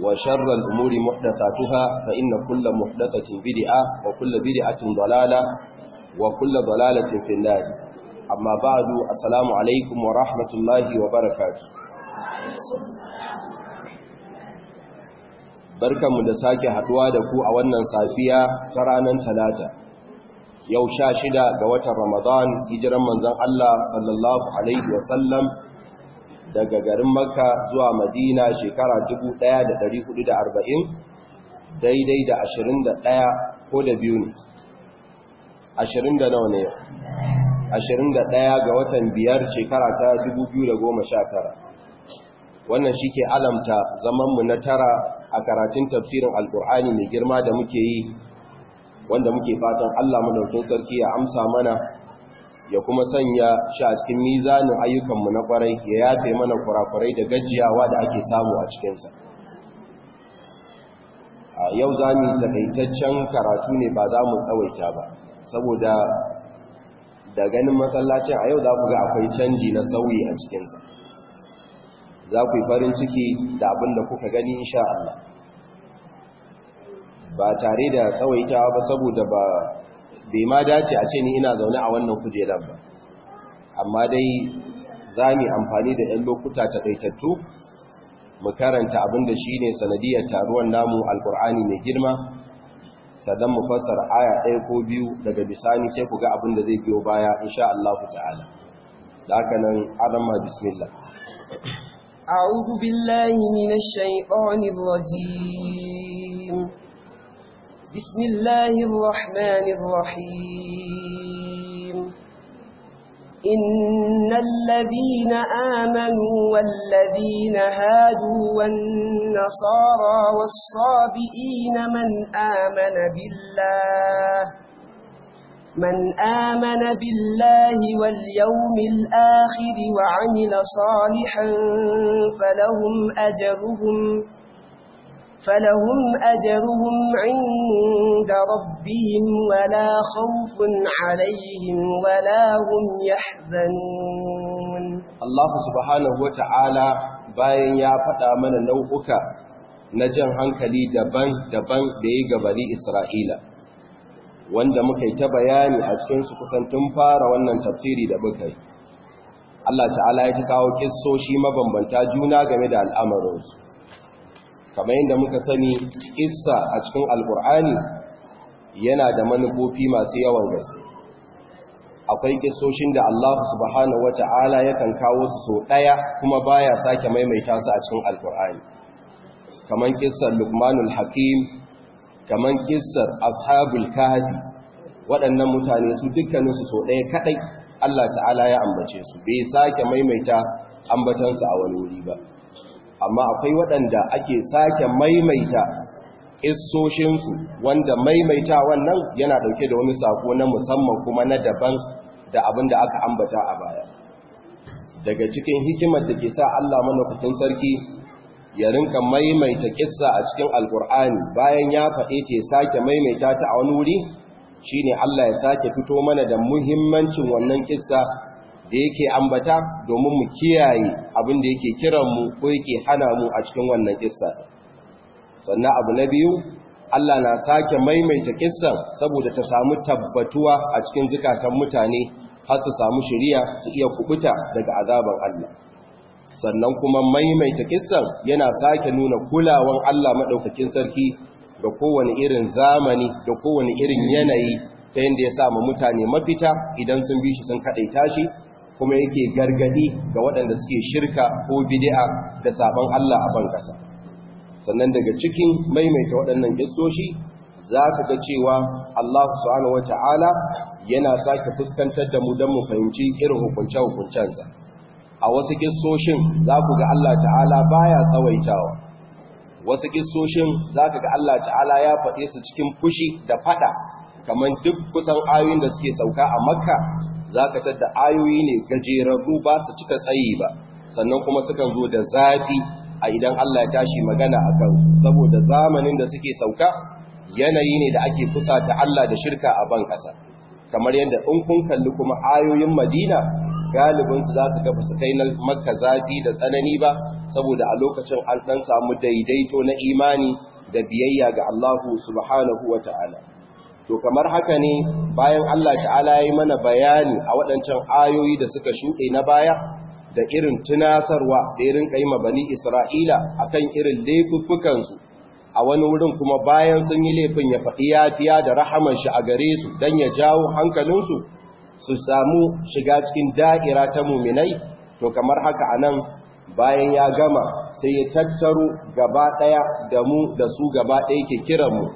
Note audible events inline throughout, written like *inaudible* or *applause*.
وشر الأمور محدثاتها فإن كل محدثة بدعة وكل بدعة ضلالة وكل ضلالة في النار أما بعد السلام عليكم ورحمة الله وبركاته barkanmu da sake haduwa da ku a wannan safiya ta ranar talata yau sha shida ga watan ramadan hijiran manzon Allah sallallahu alaihi wasallam daga garin makka zuwa madina shekara 1440 daidai da 21 ko da biyu ne 20 da nawa ne 21 ga watan biyar shekara ta 2019 wannan shi ke alamta zamanmu na tara a karatun tafsirin alkur'ani mai girma da muke yi wanda muke fatan allah madaukin sarki ya amsa mana ya kuma sanya shi a cikin mizanin ayyukanmu na kwarai ya yafe mana kurakurai da gajiyawa da ake samu a cikinsa a yau za mu takaitaccen karatu ne ba za mu tsawaita ba saboda da ganin masallacin a yau za ku ga akwai canji na sauyi a cikinsa za ku yi farin ciki da abin da kuka gani insha Allah ba tare da tsawaitawa ba saboda ba bai ma dace a ce ni ina zaune a wannan kujerar ba amma dai za mu amfani da 'yan lokuta taɗaitattu mu karanta abin da shi ne sanadiyar taruwan namu alkur'ani mai girma sannan mu fassara aya ɗaya ko biyu daga bisani sai ku ga abin da zai biyo baya insha Allah ta'ala da haka nan adama bismillah أعوذ بالله من الشيطان الرجيم بسم الله الرحمن الرحيم إن الذين آمنوا والذين هادوا والنصارى والصابئين من آمن بالله من آمن بالله واليوم الآخر وعمل صالحا فلهم أجرهم فلهم أجرهم عند ربهم ولا خوف عليهم ولا هم يحزنون الله سبحانه وتعالى bayan ya faɗa mana nau'uka na jan hankali daban-daban da ya gabari Isra'ila wanda muka yi ta bayani a cikinsu kusan tun fara wannan tafsiri da muka yi Allah ta'ala ya ta kawo kissoshi mabambanta juna game da al'amuransu. kamar yadda muka sani isa a cikin alkur'ani yana da manufofi masu yawan gaske akwai kisoshin da Allah subhanahu wata'ala yakan kawo su so daya kuma baya sake maimaita su a cikin alkur'ani kamar kissar lukmanul Hakim kamar kissar Ashabul Kahfi waɗannan mutane su dukkanin su so daya kadai Allah ta'ala ya ambace su bai sake maimaita ambatansu a wani wuri ba amma akwai waɗanda ake sake maimaita isoshinsu wanda maimaita wannan yana ɗauke da wani sako na musamman kuma na daban da abin da aka ambata a baya daga cikin hikimar da ke sa Allah manufafin sarki ya rinka maimaita kissa a cikin alkur'ani bayan ya faɗe ce sake maimaita ta a wani wuri shine Allah ya sake fito mana da muhimmancin wannan kissa da yake ambata domin mu kiyaye abin da yake kiran mu ko yake hana mu a cikin wannan kissa sannan abu na biyu Allah na sake maimaita kissan saboda ta samu tabbatuwa a cikin zukatan mutane har su samu shiriya su iya kubuta daga azaban Allah sannan kuma maimaita kissan yana sake nuna kulawan Allah madaukakin sarki da kowane irin zamani da kowane irin yanayi ta yadda ya sa mutane mafita idan sun bi shi sun kaɗaita shi kuma yake gargadi ga waɗanda suke shirka ko bidi'a da sabon Allah a ban ƙasa. sannan daga cikin maimaita waɗannan kissoshi ka ga cewa Allah subhanahu wataala yana sake fuskantar da mu don mu fahimci irin hukunce-hukuncensa a wasu kissoshin za ku ga Allah ta'ala baya tsawaitawa wasu kissoshin za ka ga Allah ta'ala ya faɗe su cikin fushi da faɗa kamar duk kusan ayoyin da suke sauka a makka za ka tadda ayoyi ne gajerarru ba su cika tsayi ba sannan kuma sukan zo da zafi a idan Allah ya tashi magana a kansu saboda zamanin da suke sauka yanayi ne da ake kusa ta Allah da shirka a ban ƙasa kamar yadda in kun kalli kuma ayoyin Madina galibinsu za ka ga su kai na makka zafi da tsanani ba saboda a lokacin an ɗan samu daidaito na imani da biyayya ga Allahu subhanahu wa to kamar haka ne bayan Allah ta'ala ya yi mana bayani a waɗancan ayoyi da suka shuɗe na baya da irin tunasarwa da irin kaima bani Isra'ila a kan irin laifukansu a wani wurin kuma bayan sun yi laifin ya faɗi yafiya da rahaman shi a gare su don ya jawo hankalinsu su samu shiga cikin da'ira ta muminai to kamar haka a nan bayan ya gama sai ya tattaro gaba ɗaya da mu da su gaba ɗaya ke kiranmu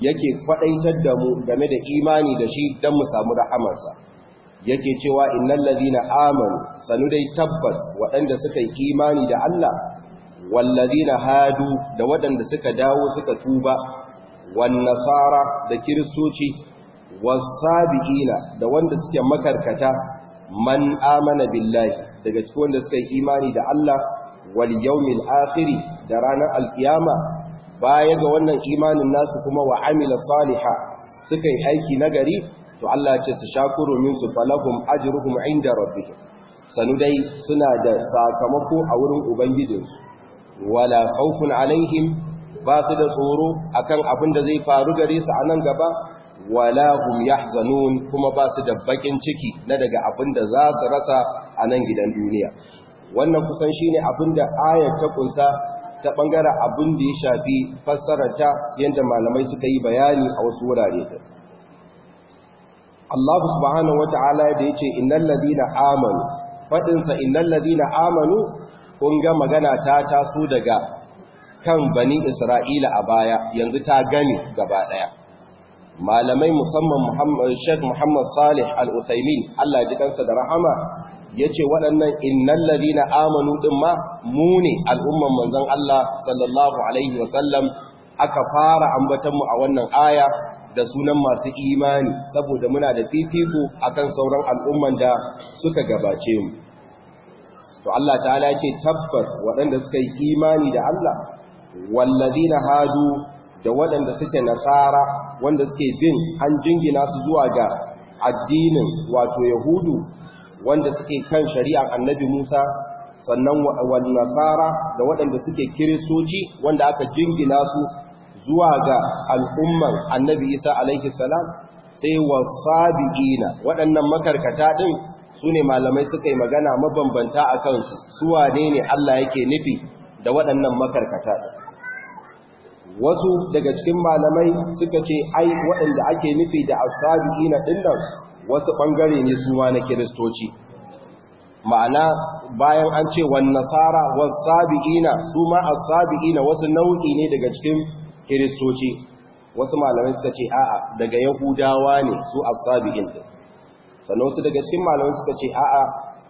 yake kwadaitar da mu game da imani da shi don mu samu rahamarsa yake cewa innal ladina amanu sanu dai tabbas waɗanda suka yi imani da Allah wal ladina hadu da waɗanda suka dawo suka tuba wan nasara da kiristoci was sabiina da wanda suke makarkata man amana billahi daga cikin wanda suka yi imani da Allah wal yawmil akhir da ranar alkiyama baya ga wannan imanin nasu kuma wa amila saliha suka yi aiki nagari to Allah ce su shakuru min su falahum ajruhum inda rabbihim sanu dai suna da sakamako a wurin ubangijinsu wala khawfun alaihim ba su da tsoro akan abin da zai faru gare su a nan gaba wala hum yahzanun kuma ba su da bakin ciki na daga abin da za su rasa a nan gidan duniya wannan kusan shine abin da ayar ta kunsa ta bangaren abin da ya shafi fassararta yadda malamai suka yi bayani a wasu wurare ta Allah subhanahu wata'ala da yace innal ladina amanu fadin innal ladina amanu kun ga magana ta taso daga kan bani Isra'ila a baya yanzu ta gani gaba daya malamai musamman Sheikh Muhammad Salih Al-Uthaymeen Allah ya ji kansa da rahama ya ce waɗannan innan na amanu ɗin ma mu ne al'umman manzan Allah sallallahu Alaihi wasallam aka fara ambatanmu a wannan aya da sunan masu imani saboda muna da fifiko akan sauran al'umman da suka gabace mu. To Allah ta'ala ce tabbas waɗanda suka yi imani da Allah, na hadu da waɗanda suke nasara wanda suke bin an jingina su zuwa ga addinin wato Yahudu wanda suke kan shari'ar annabi Musa sannan wal nasara da waɗanda suke kiristoci wanda aka jingina su zuwa ga al'ummar annabi Isa alaihi salam sai wasabiina waɗannan makarkata din sune malamai suka yi magana mabambanta a kansu su wane ne Allah yake nufi da waɗannan makarkata wasu daga cikin malamai suka ce ai waɗanda ake nufi da asabiina dinnan wasu ɓangare ne su ma na kiristoci ma'ana bayan an ce wa nasara was sabi'ina su ma as sabi'ina wasu nau'i ne daga cikin kiristoci wasu malamai suka ce a'a daga yahudawa ne su a sabi'in din sannan wasu daga cikin malamai suka ce a'a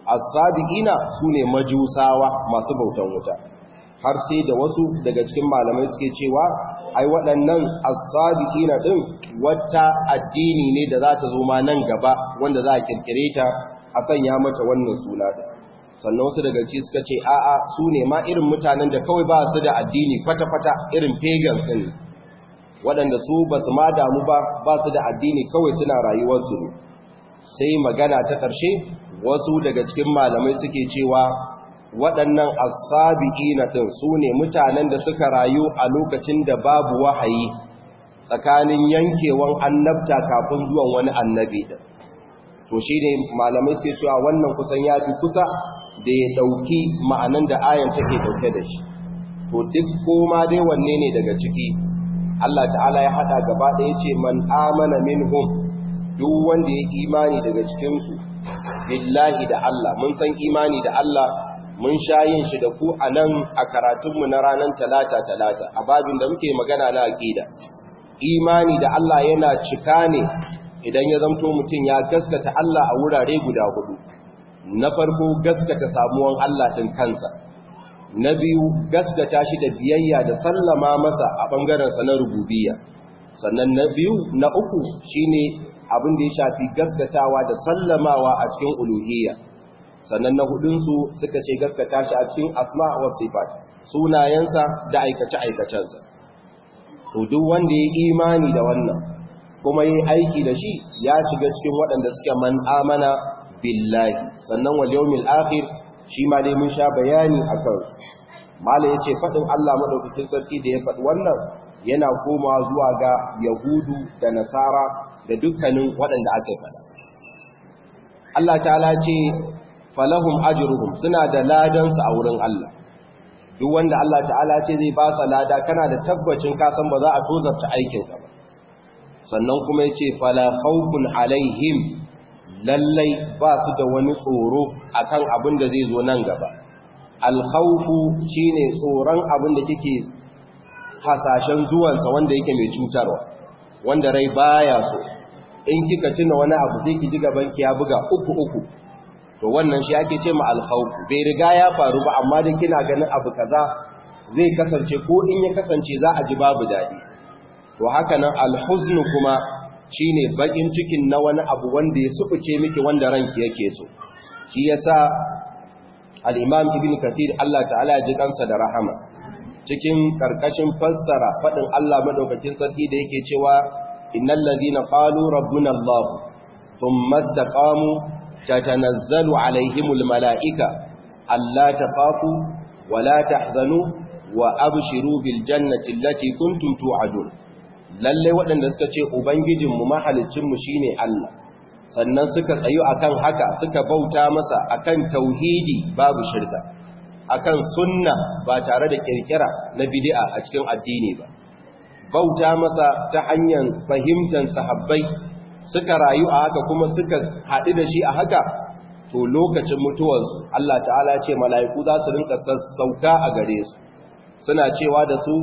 a sabi'ina su ne majusawa masu bautan wuta har sai da wasu daga cikin malamai suke cewa ai waɗannan as na din wata addini ne da za ta zo ma nan gaba wanda za a kirkire ta a sanya mata wannan suna din sannan wasu daga cikin suka ce a'a su ne ma irin mutanen da kawai ba su da addini kwata-kwata irin pagans ne waɗanda su ba su ma damu ba ba su da addini kawai suna rayuwarsu ne sai magana ta ƙarshe wasu daga cikin malamai suke cewa waɗannan asabi'ina ɗin su ne mutanen da suka rayu a lokacin da babu wahayi tsakanin yankewan annabta kafin zuwan wani annabi ɗin to shi ne malamai suke cewa wannan kusan ya fi kusa da ya ɗauki ma'anan da ayan take ɗauke da shi to duk koma dai wanne ne daga ciki Allah ta'ala ya haɗa gaba ɗaya ce man amana minhum duk wanda ya imani daga cikinsu billahi da Allah mun san imani da Allah mun sha yin shi da ku a nan a karatunmu na ranar talata-talata a babin da muke magana na aƙida imani da Allah yana cika ne idan ya zamto mutum ya gaskata Allah a wurare guda hudu na farko gaskata samuwan Allah ɗin kansa na biyu gaskata shi da biyayya da sallama masa a ɓangarensa na rububiya sannan na biyu na uku shine abin da ya shafi gaskatawa da sallamawa a cikin uluhiyya sannan na hudunsu suka ce gaskata shi a cikin asma wasu sifat sunayensa da aikace-aikacensa to duk wanda ya imani da wannan kuma yi aiki da shi ya shiga cikin waɗanda suke man amana billahi sannan wal yawmil akhir shi ma dai mun sha bayani akan mala ce faɗin Allah maɗaukakin sarki da ya faɗi wannan yana komawa zuwa ga yahudu da nasara da dukkanin waɗanda aka faɗa Allah ta ce falahum ajruhum suna da ladansu a wurin Allah duk wanda Allah ta'ala ce zai ba sa lada kana da tabbacin ka san ba za a tozarta aikin ka ba sannan kuma yace fala khawfun alaihim lallai ba su da wani tsoro akan abin da zai zo nan gaba khawfu shine tsoron abin da kike hasashen zuwansa wanda yake mai cutarwa wanda rai baya so in kika tuna wani abu sai ki ji gaban ki ya buga uku uku to wannan shi ake ce ma bai riga ya faru ba amma da kina ganin abu kaza zai kasance ko in ya kasance za a ji babu daɗi. to haka nan alhuznu kuma shi ne bakin cikin na wani abu wanda ya sufuce miki wanda ranki yake so shi ya sa al'imam ibn kathir Allah ta'ala ya ji kansa da rahama cikin karkashin fassara faɗin Allah maɗaukacin sarki da yake cewa innal ladina qalu rabbuna allah thumma istaqamu tatanazzalu alaihimul mala'ika alla takhafu wa la tahzanu wa abshiru bil jannati allati kuntum tu'adun lalle waɗanda suka ce ubangijin mu mahalicin mu shine Allah sannan suka tsayu akan haka suka bauta masa kan tauhidi babu shirka akan sunna ba tare da ƙirƙira na bidi'a a cikin addini ba bauta masa ta hanyar fahimtar sahabbai suka rayu a haka kuma suka haɗu da shi a haka to lokacin mutuwarsu Allah ta'ala ce mala'iku za su rinka sassauka a gare su suna cewa da su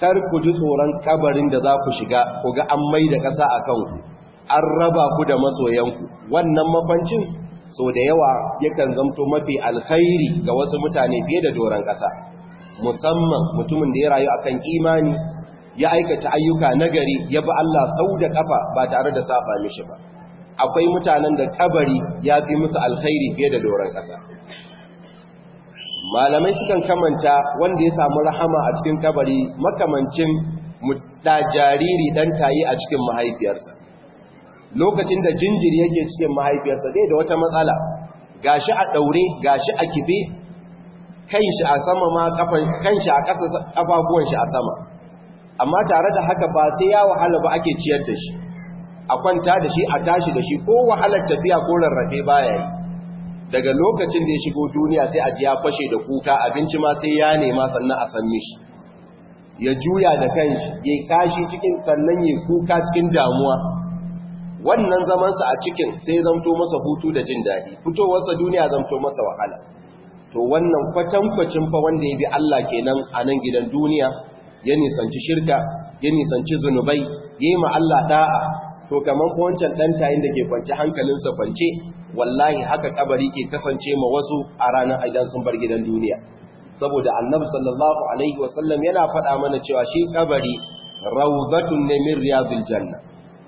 kar ku ji tsoron kabarin da za ku shiga ku ga an mai da ƙasa a kanku an raba ku da masoyanku wannan mafancin so da yawa yakan zamto mafi alkhairi ga wasu mutane fiye da doron ƙasa musamman mutumin da ya rayu akan imani ya aikata ayyuka nagari ya bi Allah sau da kafa ba tare da safa mishi ba akwai mutanen da kabari ya fi musu alkhairi fiye da doron ƙasa malamai sukan kamanta wanda ya samu rahama a cikin kabari makamancin da jariri dan tayi a cikin mahaifiyarsa lokacin da jinjiri yake cikin mahaifiyarsa dai da wata matsala gashi a daure gashi a kibe kanshi a sama ma kafan kanshi a ƙasa kafafuwan shi a sama amma tare da haka ba sai ya wahala ba ake ciyar da shi a kwanta da shi a tashi da shi ko wahalar tafiya ko rarrafe baya yi daga lokacin da ya shigo duniya sai a ji ya fashe da kuka abinci ma sai ya nema sannan a san mishi ya juya da kanshi ya kashi cikin sannan ya kuka cikin damuwa wannan zamansa a cikin sai zamto masa hutu da jin daɗi fitowarsa duniya zamto masa wahala to wannan kwatankwacin fa wanda ya bi Allah kenan a nan gidan duniya ya nisanci shirka ya nisanci zunubai yi ma Allah da'a to kamar ko wancan tayin da ke kwance hankalinsa kwance wallahi haka kabari ke kasance ma wasu a ranar aidan sun bar gidan duniya saboda annabi sallallahu alaihi wasallam yana faɗa mana cewa shi kabari rawdatun ne min riyadil janna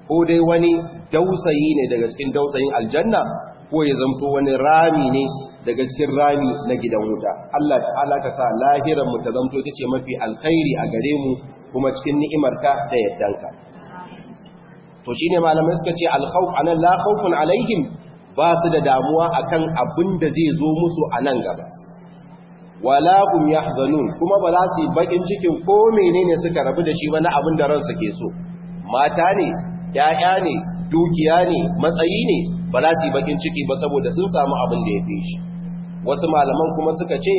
ko dai wani dausayi ne daga cikin dausayin aljanna ko ya zamto wani rami ne daga cikin rami na gidan wuta Allah ta'ala ka sa lahiran mu ta zamto tace mafi alkhairi a gare mu kuma cikin ni'imarka da yaddanka to shine malamai suka ce alkhawf anan la khawfun alaihim ba su da damuwa akan abin da zai zo musu a nan gaba wala hum yahzanun kuma ba za su bakin cikin ko menene suka rabu da shi ba na abin da ransu ke so mata ne ya'ya ne dukiya ne matsayi ne ba za su bakin ciki ba saboda sun samu abin da ya fi shi wasu malaman kuma suka ce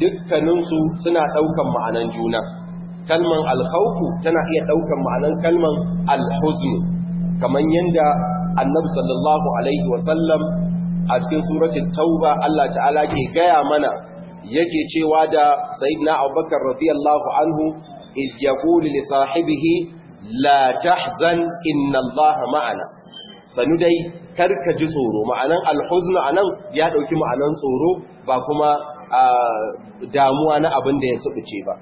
dukkaninsu suna ɗaukan ma'anan juna kalman alhauku tana iya ɗaukan ma'anan kalman alhuznu kamar yadda annabi sallallahu alaihi wasallam a cikin suratul tauba Allah ta'ala ke gaya mana yake cewa da sayyidina abubakar radiyallahu anhu iz yaqulu li sahibihi la tahzan inna allaha ma'ana sanu dai karka ji tsoro ma'anan alhuzna anan ya dauki ma'anan tsoro ba kuma damuwa na abin da ya subuce ba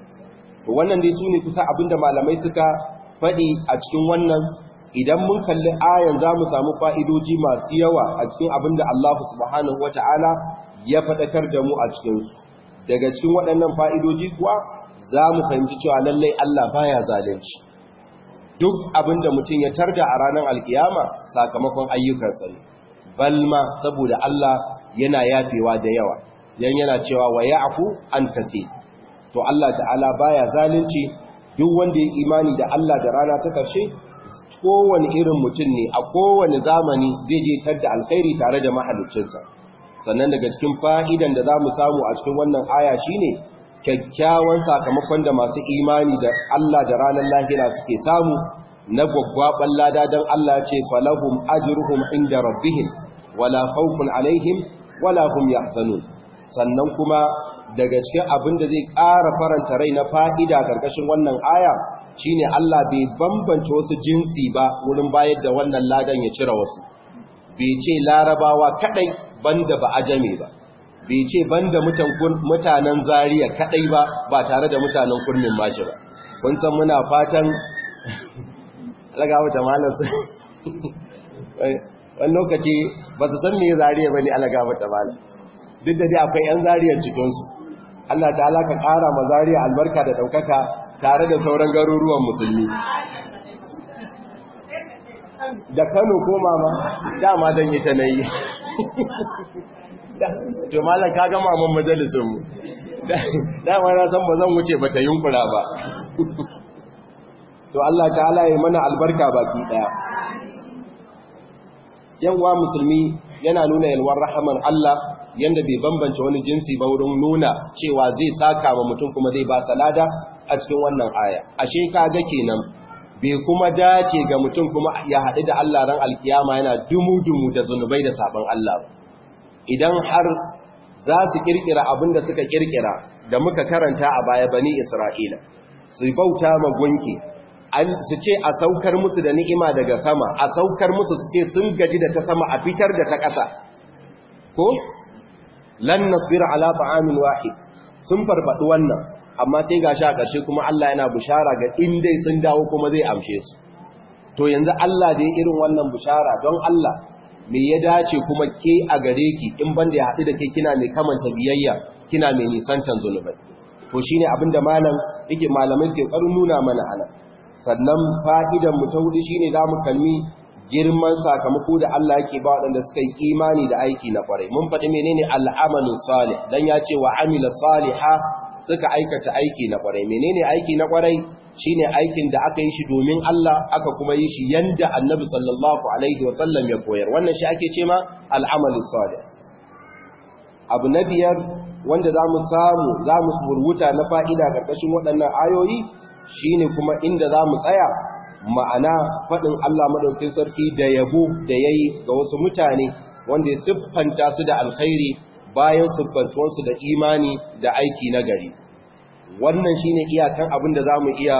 wannan dai sune kusa abin da malamai suka faɗi a cikin wannan idan mun kalli ayan za mu samu fa'idoji masu yawa a cikin abin da Allah subhanahu wa ya faɗakar da mu a cikinsu daga cikin waɗannan fa'idoji kuwa za mu fahimci cewa lallai Allah baya zalunci duk abin da mutum ya tarda a ranar alkiyama sakamakon ayyukansa ne balma saboda Allah yana yafewa da yawa yan yana cewa wa yaku an kase to Allah ta'ala baya zalunci duk wanda ya imani da Allah da rana ta karshe kowane irin mutum ne a kowane zamani zai je tarda alkhairi tare da mahaliccinsa sannan daga cikin fa'idan da za mu samu a cikin wannan aya shine kyakkyawan sakamakon da masu imani da Allah da ranar lahira suke samu na gwaggwaɓar lada don Allah ce falahum ajruhum inda rabbihim wala faukun alaihim wala hum yahzanun sannan kuma daga cikin abin da zai ƙara faranta rai na fa'ida ƙarƙashin wannan aya shine Allah bai bambance wasu jinsi ba wurin bayar da wannan ladan ya cire wasu bai ce larabawa kaɗai banda ba ajame ba bai ce ban da mutanen zariya kadai ba ba tare da mutanen kurmin mashi ba kun san muna fatan raga *laughs* wata malarsa wani lokaci ba su san mai zariya ba ne alaga wata malar duk da dai akwai 'yan zariyar cikinsu allah ta alaka kara ma zariya albarka da daukaka tare da sauran garuruwan musulmi da kano koma ma dama don yi ta na yi *laughs* to malam ka gama mun majalisin mu dama na san ba zan wuce ba ta yunkura ba to Allah ta'ala ya mana albarka baki daya yanwa musulmi yana nuna yalwar rahaman Allah yanda bai bambance wani jinsi ba wurin nuna cewa zai saka wa mutum kuma zai ba salada a cikin wannan aya ashe ka ga kenan bai kuma dace ga mutum kuma ya haɗu da Allah ran alkiyama yana dumu dumu da zunubai da sabon Allah ba idan har za su kirkira abinda suka kirkira da muka karanta a baya bani isra'ila su bauta ma gunki su ce a saukar musu da ni'ima daga sama a saukar musu su ce sun gaji da ta sama a fitar da ta ƙasa ko lan nasbira ala ta'amin wahi, sun farfaɗi wannan amma sai gashi a ƙarshe kuma Allah yana bushara ga in dai sun dawo kuma zai amshe su to yanzu Allah da ya irin wannan bushara don Allah me ya dace kuma ke a gare ki in banda ya haɗu da ke kina mai kamanta biyayya kina mai nisantan zunubai to shine abinda malam yake malamai suke ƙarin nuna mana ana sannan fa'idan mu ta hudu shine ne mu kalmi girman sakamako da Allah yake ba waɗanda suka yi imani da aiki na ƙwarai. mun faɗi menene al'amalu salih dan ya ce wa amila saliha suka aikata aiki na kwarai menene aiki na ƙwarai? Shi ne aikin da aka yi shi domin Allah aka kuma yi shi yanda annabi sallallahu alaihi wasallam ya koyar wannan shi ake ce ma al'amalin abu na biyar wanda za mu samu za mu rubuta na fa'ida ƙarƙashin waɗannan ayoyi shi ne kuma inda za mu tsaya ma'ana faɗin Allah maɗaukin sarki da yabo da ya yi ga wasu mutane wanda ya siffanta su da alkhairi bayan siffantuwansu da imani da aiki na gari wannan shi shine iyakan abin da za mu iya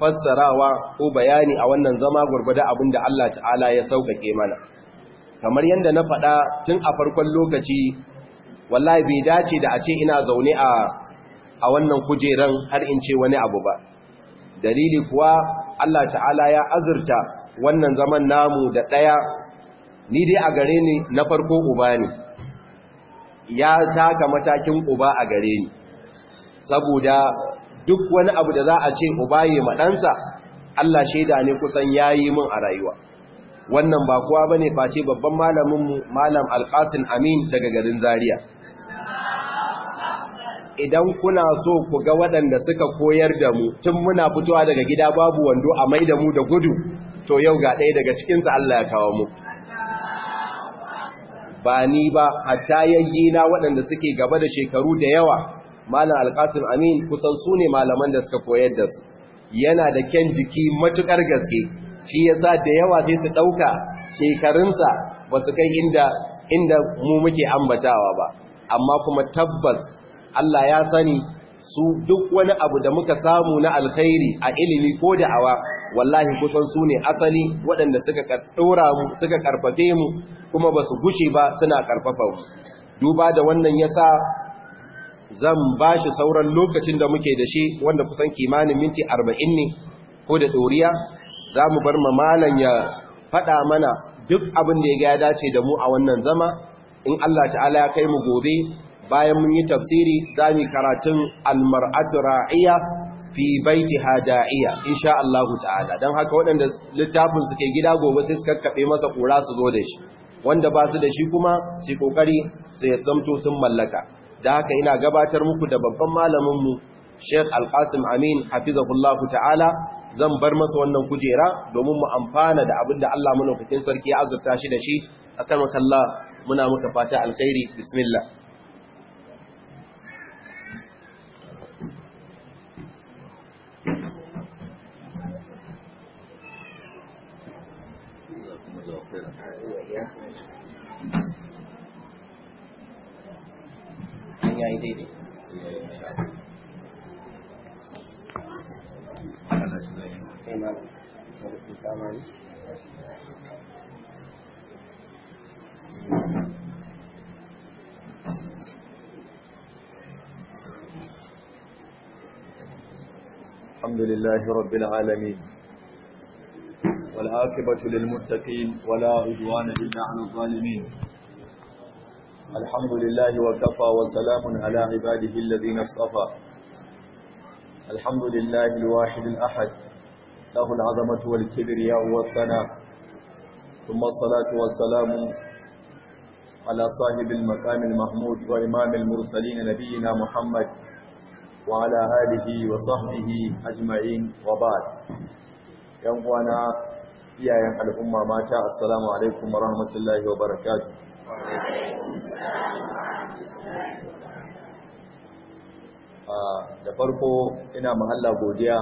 fassarawa ko bayani a wannan zama gurgurda abin da Allah ta'ala ya sauƙaƙe mana kamar yadda na faɗa tun a farkon lokaci wallahi bai dace da a ce ina zaune a a wannan kujeran har in ce wani abu ba dalili kuwa Allah ta'ala ya azurta wannan zaman namu da ɗaya ni dai a gare ni na farko uba ne ya taka matakin uba a gare ni saboda duk wani abu da za a ce ubaye maɗansa Allah shaida ne kusan yayi min a rayuwa wannan ba kowa bane face babban malamin mu malam alqasim amin daga garin zaria idan kuna so ku ga waɗanda suka koyar da mu tun muna fitowa daga gida babu wando a mai da mu da gudu to yau ga ɗaya daga cikinsa Allah ya kawo mu ba ni ba hatta yayyina waɗanda suke gaba da shekaru da yawa malam alkasim amin kusan su ne malaman da suka koyar da su yana da kyan jiki matuƙar gaske shi ya sa da yawa sai su ɗauka shekarunsa ba su kai inda inda mu muke ambatawa ba amma kuma tabbas Allah ya sani su duk wani abu da muka samu na alkhairi a ilimi ko da'awa wallahi kusan su ne asali waɗanda suka ɗora mu suka karfafe mu kuma ba su gushe ba suna karfafa mu duba da wannan ya sa. zan ba shi sauran lokacin da muke da shi wanda kusan kimanin minti arba'in ne ko da ɗoriya za mu bar mamalan ya faɗa mana duk abin da ya ga ya dace da mu a wannan zama in Allah ta'ala ya kai mu gobe bayan mun yi tafsiri za mu karatun almar'atu ra'iya fi baiti hada'iya insha Allah ta'ala don haka waɗanda littafin suke gida gobe sai su kakkaɓe masa ƙura su zo da shi wanda ba su da shi kuma sai ƙoƙari sai ya zamto sun mallaka da haka ina gabatar muku da babban malaminmu Sheikh Al-Qasim Amin hafizahullahu ta'ala zan bar masa wannan kujera domin mu amfana da abin da Allah madaukakin sarki ya azurta shi da shi akan makalla muna muka fata alkhairi bismillah الحمد لله رب العالمين والعاقبة للمتقين ولا عدوان إلا على الظالمين الحمد لله وكفى وسلام على عباده الذين اصطفى الحمد لله الواحد الأحد له العظمة والكبرياء والثناء ثم الصلاة والسلام على صاحب المقام المحمود وإمام المرسلين نبينا محمد وعلى آله وصحبه أجمعين وبعد ينقوانا إيايا الأمة ماتا السلام عليكم ورحمة الله وبركاته da farko ina mahalla godiya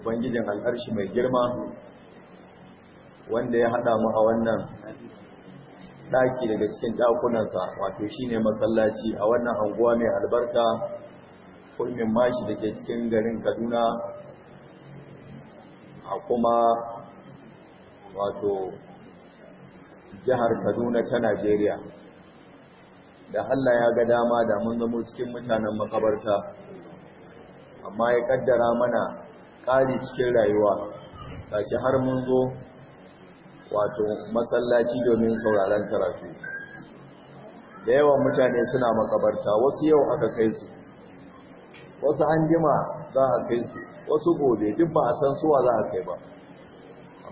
ubangijin al'arshi mai girma wanda ya hada mu a wannan ɗaki daga cikin ɗakunansa wato shine masallaci a wannan anguwa mai albarka kulmin mashi da ke cikin garin kaduna a kuma wato jihar kaduna ta najeriya da allah ya ga dama da mun zamo cikin mutanen makabarta amma ya kaddara mana ƙari cikin rayuwa tashi har mun zo wato masallaci domin sauraron karatu da yawan mutane suna makabarta wasu yau aka kai su wasu an jima za a kai su wasu gobe duk ba a san suwa za a kai ba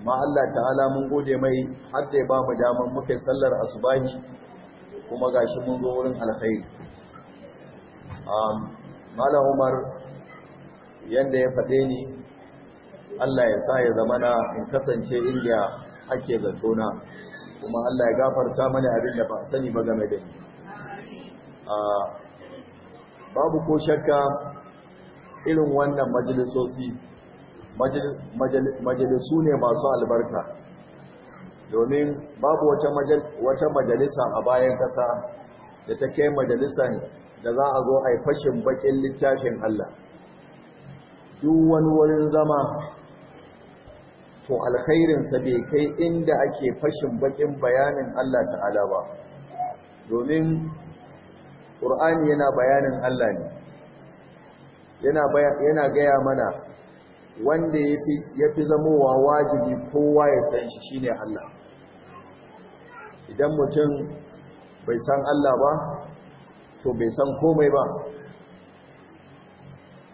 amma Allah ta'ala mun gode mai har da ya ba mu daman muka sallar asubahi kuma gashi mun zo wurin alkhairi um malam Umar yanda ya fade ni Allah ya sa ya zama na in kasance inda ake zato na kuma Allah ya gafarta mana abin da ba sani ba game da ni babu ko shakka irin wannan majalisoci majalisu ne masu albarka domin babu wata majalisa a bayan kasa da ta kai majalisa da za a zo a yi fashin bakin littafin Allah duk wani wurin zama to alkhairinsa bai kai inda ake fashin bakin bayanin Allah ta'ala ba domin ƙur'ani yana bayanin Allah ne yana gaya mana wanda ya fi zamowa wajibi kowa ya san shi shi ne Allah idan mutum bai san Allah ba to bai san komai ba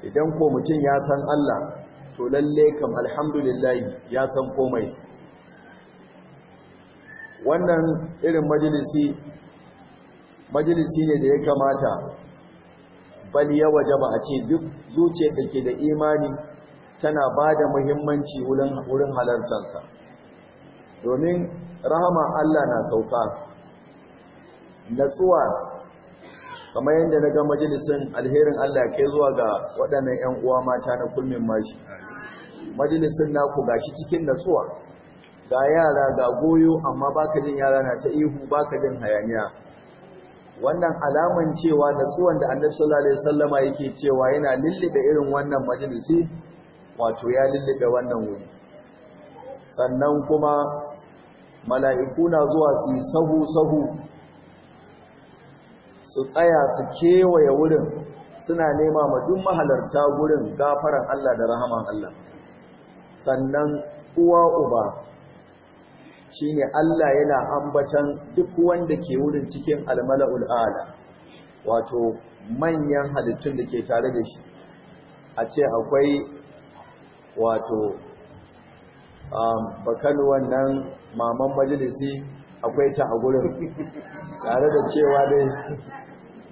idan ko mutum ya san Allah to lalle kam alhamdulillah ya san komai wannan irin majalisi majalisi ne da ya kamata bali ya wajaba a ce duk zuciyar da ke da imani tana ba da muhimmanci wurin halartarsa domin rahama Allah na sauka natsuwa kamar yadda na ga majalisun alherin Allah ke zuwa ga waɗannan 'yan uwa mata na kulmin mashi majalisun naku gashi cikin natsuwa ga yara ga goyo amma baka jin yara na ta ihu baka jin hayaniya wannan alaman cewa natsuwan da annabi sallallahu alaihi wasallama yake cewa yana lillika irin wannan majalisi wato ya lullube wannan wuri sannan kuma mala'iku na zuwa su yi sahu-sahu su tsaya su kewaye wurin suna nema ma duk mahalarta gurin gafaran Allah da rahaman Allah sannan uwa uba shi ne Allah yana ambatan duk wanda ke wurin cikin almala'ul ala wato manyan halittun da ke tare da shi a ce akwai wato um, bakan wannan maman majalisi akwai ta a gurin tare da cewa dai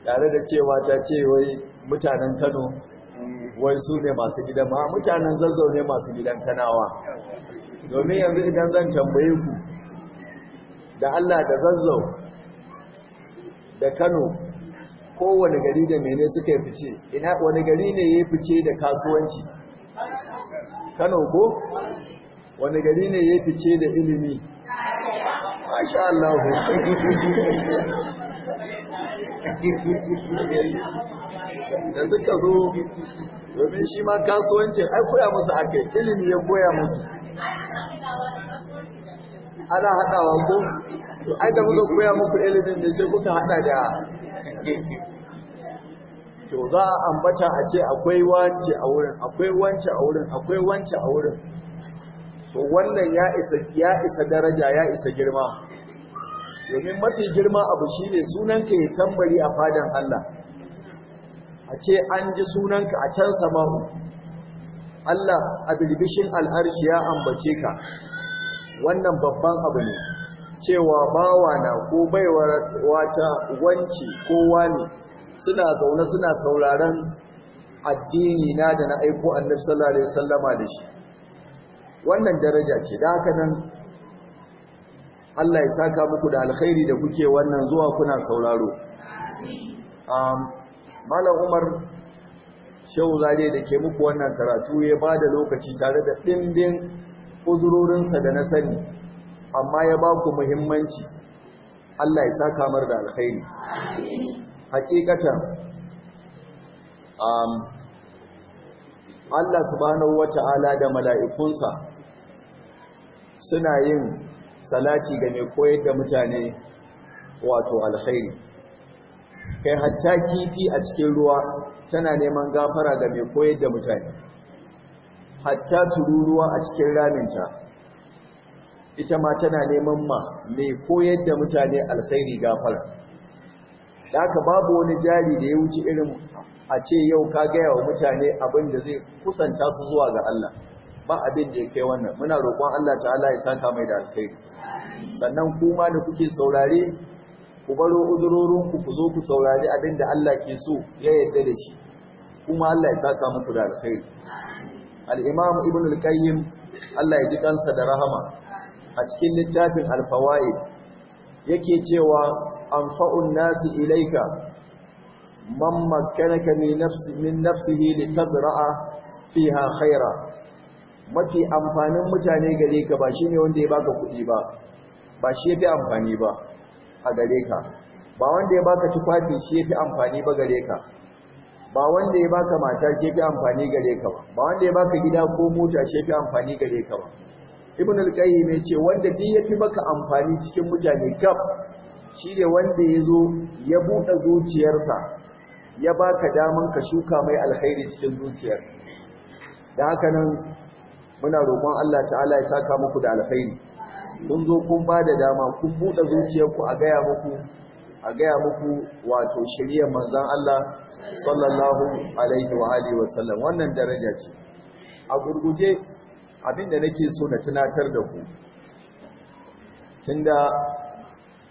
tare da cewa ta ce wai mutanen kano wai su ne masu gidan ma mutanen zazzau ne masu gidan kanawa domin yanzu idan zan tambaye ku da allah da zazzau da kano kowane gari da mene suka yi fice ina wani gari ne ya fice da kasuwanci Kano ko? Wani gari ne ya fice da ilimi? Masha Allah. Da suka zo domin shi ma kasuwanci ai koya musu aka ilimi ya koya musu. Ana haɗawa ko? Ai da muka koya muku ilimin da sai kuka haɗa da to za a ambata a ce akwai wance a wurin akwai wance a wurin akwai wance a wurin to wannan ya isa ya isa daraja ya isa girma domin mafi girma abu shine sunanka ya tambari a fadan Allah a ce an ji sunanka a can sama'u Allah a bilbishin al'arshi ya ambace ka wannan babban abu ne cewa bawa na ko baiwa wata wanci kowa ne suna zaune suna sauraron addini na da na aiko annabi sallallahu alaihi wasallama da shi wannan daraja ce da haka nan Allah ya saka muku da alkhairi da kuke wannan zuwa kuna sauraro malam Umar shehu zare da ke muku wannan karatu ya ba da lokaci tare da ɗindin uzurorinsa da na sani amma ya ba ku muhimmanci Allah ya saka mar da alkhairi hakikatan um, Allah subhanahu wata'ala da mala'ikunsa suna yin salati ga mai koyar da mutane wato alkhairi kai hatta kifi a cikin ruwa tana neman gafara ga mai koyar da mutane hatta tururuwa a cikin raminta ita ma tana neman ma mai koyar da mutane alkhairi gafara da aka babu wani jari da ya wuce irin a ce yau ka gaya wa mutane abin da zai kusanta su zuwa ga Allah ba abin da ya kai wannan muna roƙon Allah ta'ala ya saka mai da alkhairi sannan kuma da kuke saurare ku baro uzurorin ku ku zo ku saurari abinda Allah ke so ya yarda da shi kuma Allah ya saka muku da alkhairi al-Imam Ibn al-Qayyim Allah ya ji kansa da rahama a cikin littafin al-Fawaid yake cewa أنفأ الناس ilaika, من مكنك من, نفس من نفسه لتبرأ فيها خيرا mafi amfanin mutane gare ka ba shine wanda ya baka kuɗi ba ba shi yafi amfani ba a gare ka ba wanda ya baka tufafi shi yafi amfani ba gare ka ba wanda ya baka mata shi yafi amfani gare ka ba wanda ya baka gida ko mota shi yafi amfani gare ka ba ibn al-qayyim ya ce wanda duk yafi maka amfani cikin mutane gab shi ne wanda ya zo ya buɗe zuciyarsa ya baka daman ka shuka mai alkhairi cikin zuciyar da haka nan muna roƙon Allah ta'ala ya saka muku da alkhairi kun zo kun ba da dama kun buɗe zuciyarku a gaya muku a gaya muku wato shirya manzan Allah sallallahu alaihi wa alihi wa wannan daraja ce a gurguje abinda nake so na tunatar da ku tunda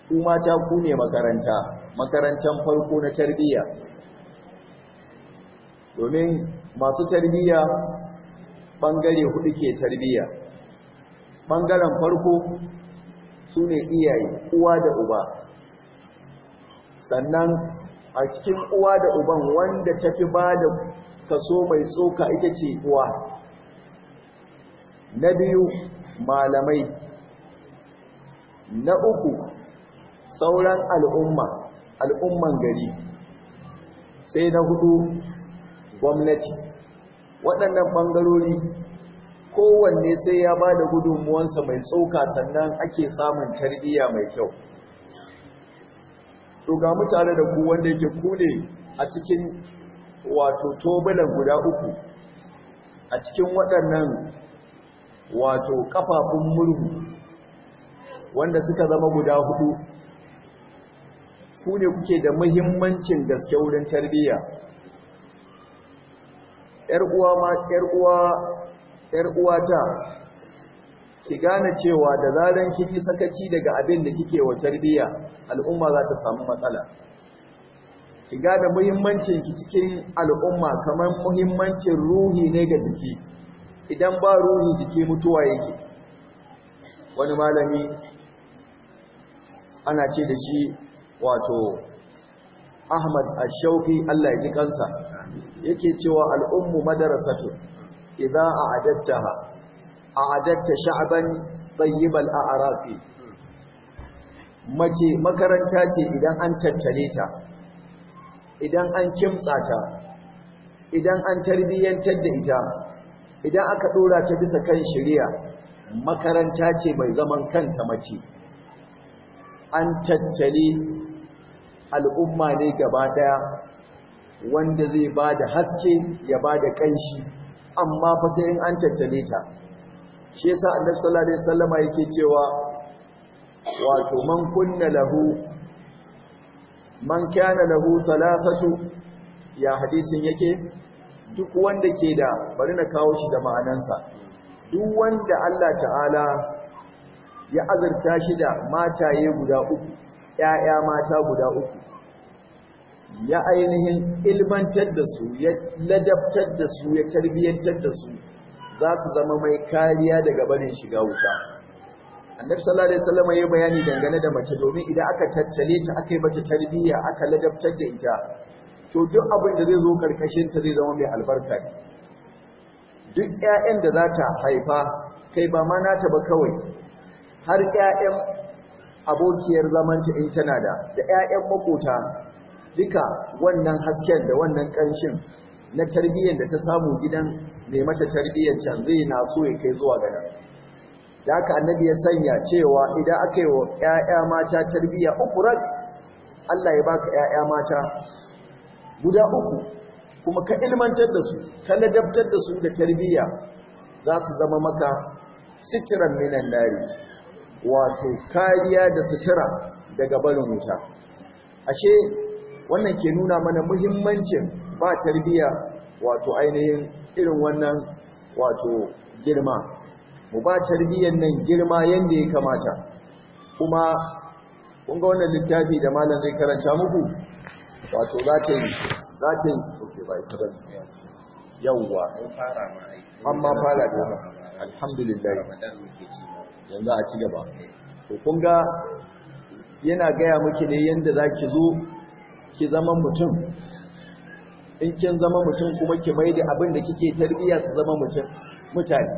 ku mata ku ne makaranta makarantar farko na tarbiyya domin masu tarbiyya bangare hudu ke tarbiyya bangaren farko su ne iyaye uwa da uba sannan a cikin uwa da uban wanda ta fi ba da kaso mai tsoka ita ce uwa na biyu malamai na uku sauran al'umma al'umman gari sai na hudu gwamnati waɗannan ɓangarori kowanne sai ya ba da gudunmuwansa mai tsoka sannan ake samun tarbiyya mai kyau to ga mutane da ku wanda yake kune a cikin wato tobulan guda uku a cikin waɗannan wato ƙafafun murhu wanda suka zama guda hudu ku ne kuke da muhimmancin gaske wurin tarbiyya Ƴar uwa ma ƴar uwa ƴar uwa ta ki gane cewa da zaran kin yi sakaci daga abin da kike wa tarbiyya al'umma za ta samu matsala ki gane muhimmancin ki cikin al'umma kamar muhimmancin ruhi ne ga jiki idan ba ruhi jiki mutuwa yake wani malami ana ce da shi wato Ahmad ashauki Allah ya ji kansa yake cewa al-ummu madrasatu idza a'adattaha a'adatta sha'ban tayyibal a'rafi mace makaranta ce idan an tattale ta idan an kimtsa ta idan an tarbiyyantar da ita idan aka dora ta bisa kan shari'a makaranta ce mai zaman kanta mace an tattali al'umma ne gaba daya wanda zai ba da haske ya ba da kanshi amma fa sai in an tattale ta shi yasa annabi sallallahu alaihi wasallam yake cewa wato man kunna lahu man kana lahu thalathatu ya hadisin yake duk wanda ke da bari na kawo shi da ma'anansa duk wanda Allah ta'ala ya azurta shi da mataye guda uku ƴaƴa mata guda uku ya ainihin ilmantar da su ya ladabtar da su ya tarbiyyantar da su za su zama mai kariya daga barin shiga wuta annabi sallallahu alaihi wasallam ya bayani dangane da mace domin idan aka tattale ta aka yi mata tarbiyya aka ladabtar da ita to duk abin da zai zo karkashin ta zai zama mai albarka duk ƴaƴan da za ta haifa kai ba ma nata ba kawai har ƴaƴan abokiyar zamanta in tana da da ƴaƴan makota duka wannan hasken da wannan ƙanshin na tarbiyyar da ta samu gidan mai mata tarbiyyar can zai na so ya kai zuwa gada. da aka annabi ya sanya cewa idan aka yi wa ‘ya'ya mata tarbiyya uku rak Allah ya ba ka ‘ya'ya mata guda uku kuma ka ilmantar da su ka ladabtar da su da tarbiyya za su zama maka sitiran minan nari wato kariya da sitira daga barin wuta ashe wannan ke nuna mana muhimmancin ba tarbiyya wato ainihin irin wannan wato girma mu ba tarbiyyar nan girma yadda ya kamata kuma kun ga wannan littafi da malam zai karanta muku wato za ta yi za ta yi ok ba ita ba yawwa ma fara ta alhamdulillah yanzu a ci gaba to kun ga yana gaya muke ne yadda za ki zo ki zama mutum in kin zama mutum kuma ki maida abin da kike tarbiyya su zama mutum mutane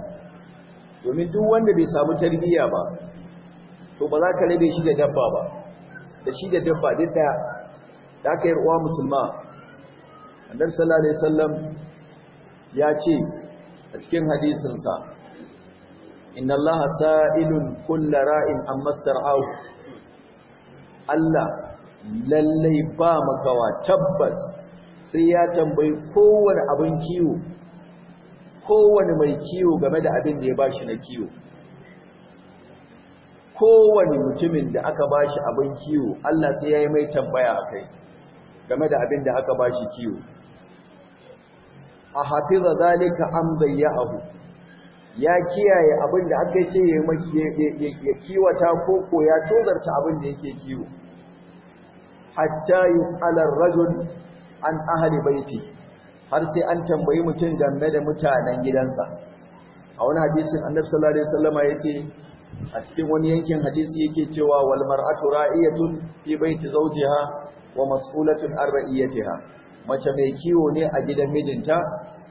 domin duk wanda bai samu tarbiyya ba to ba za ka rabe shi da dabba ba da shi da dabba duk da da aka ruwa musulma annabi sallallahu alaihi wasallam ya ce a cikin hadisinsa inna allaha sa'ilun kullu ra'in amma sar'au Allah lallai ba makawa tabbas sai ya tambayi kowane abin kiwo kowane mai kiwo game da abin da ya bashi na kiwo kowane mutumin da aka bashi abin kiwo Allah sai ya yi mai tambaya a kai game da abin da aka bashi kiwo a hafiza zalika an bayya'ahu ya kiyaye abin da aka ce ya kiwata ko ko ya tozarta abin da yake kiwo hatta yus'ala ar-rajul an ahli baiti har sai an tambayi mutum game da mutanen gidansa a wani hadisin annabi sallallahu alaihi wasallama yace a cikin wani yankin hadisi yake cewa wal mar'atu ra'iyatun fi baiti zawjiha wa mas'ulatun an ra'iyatiha mace mai kiwo ne a gidan mijinta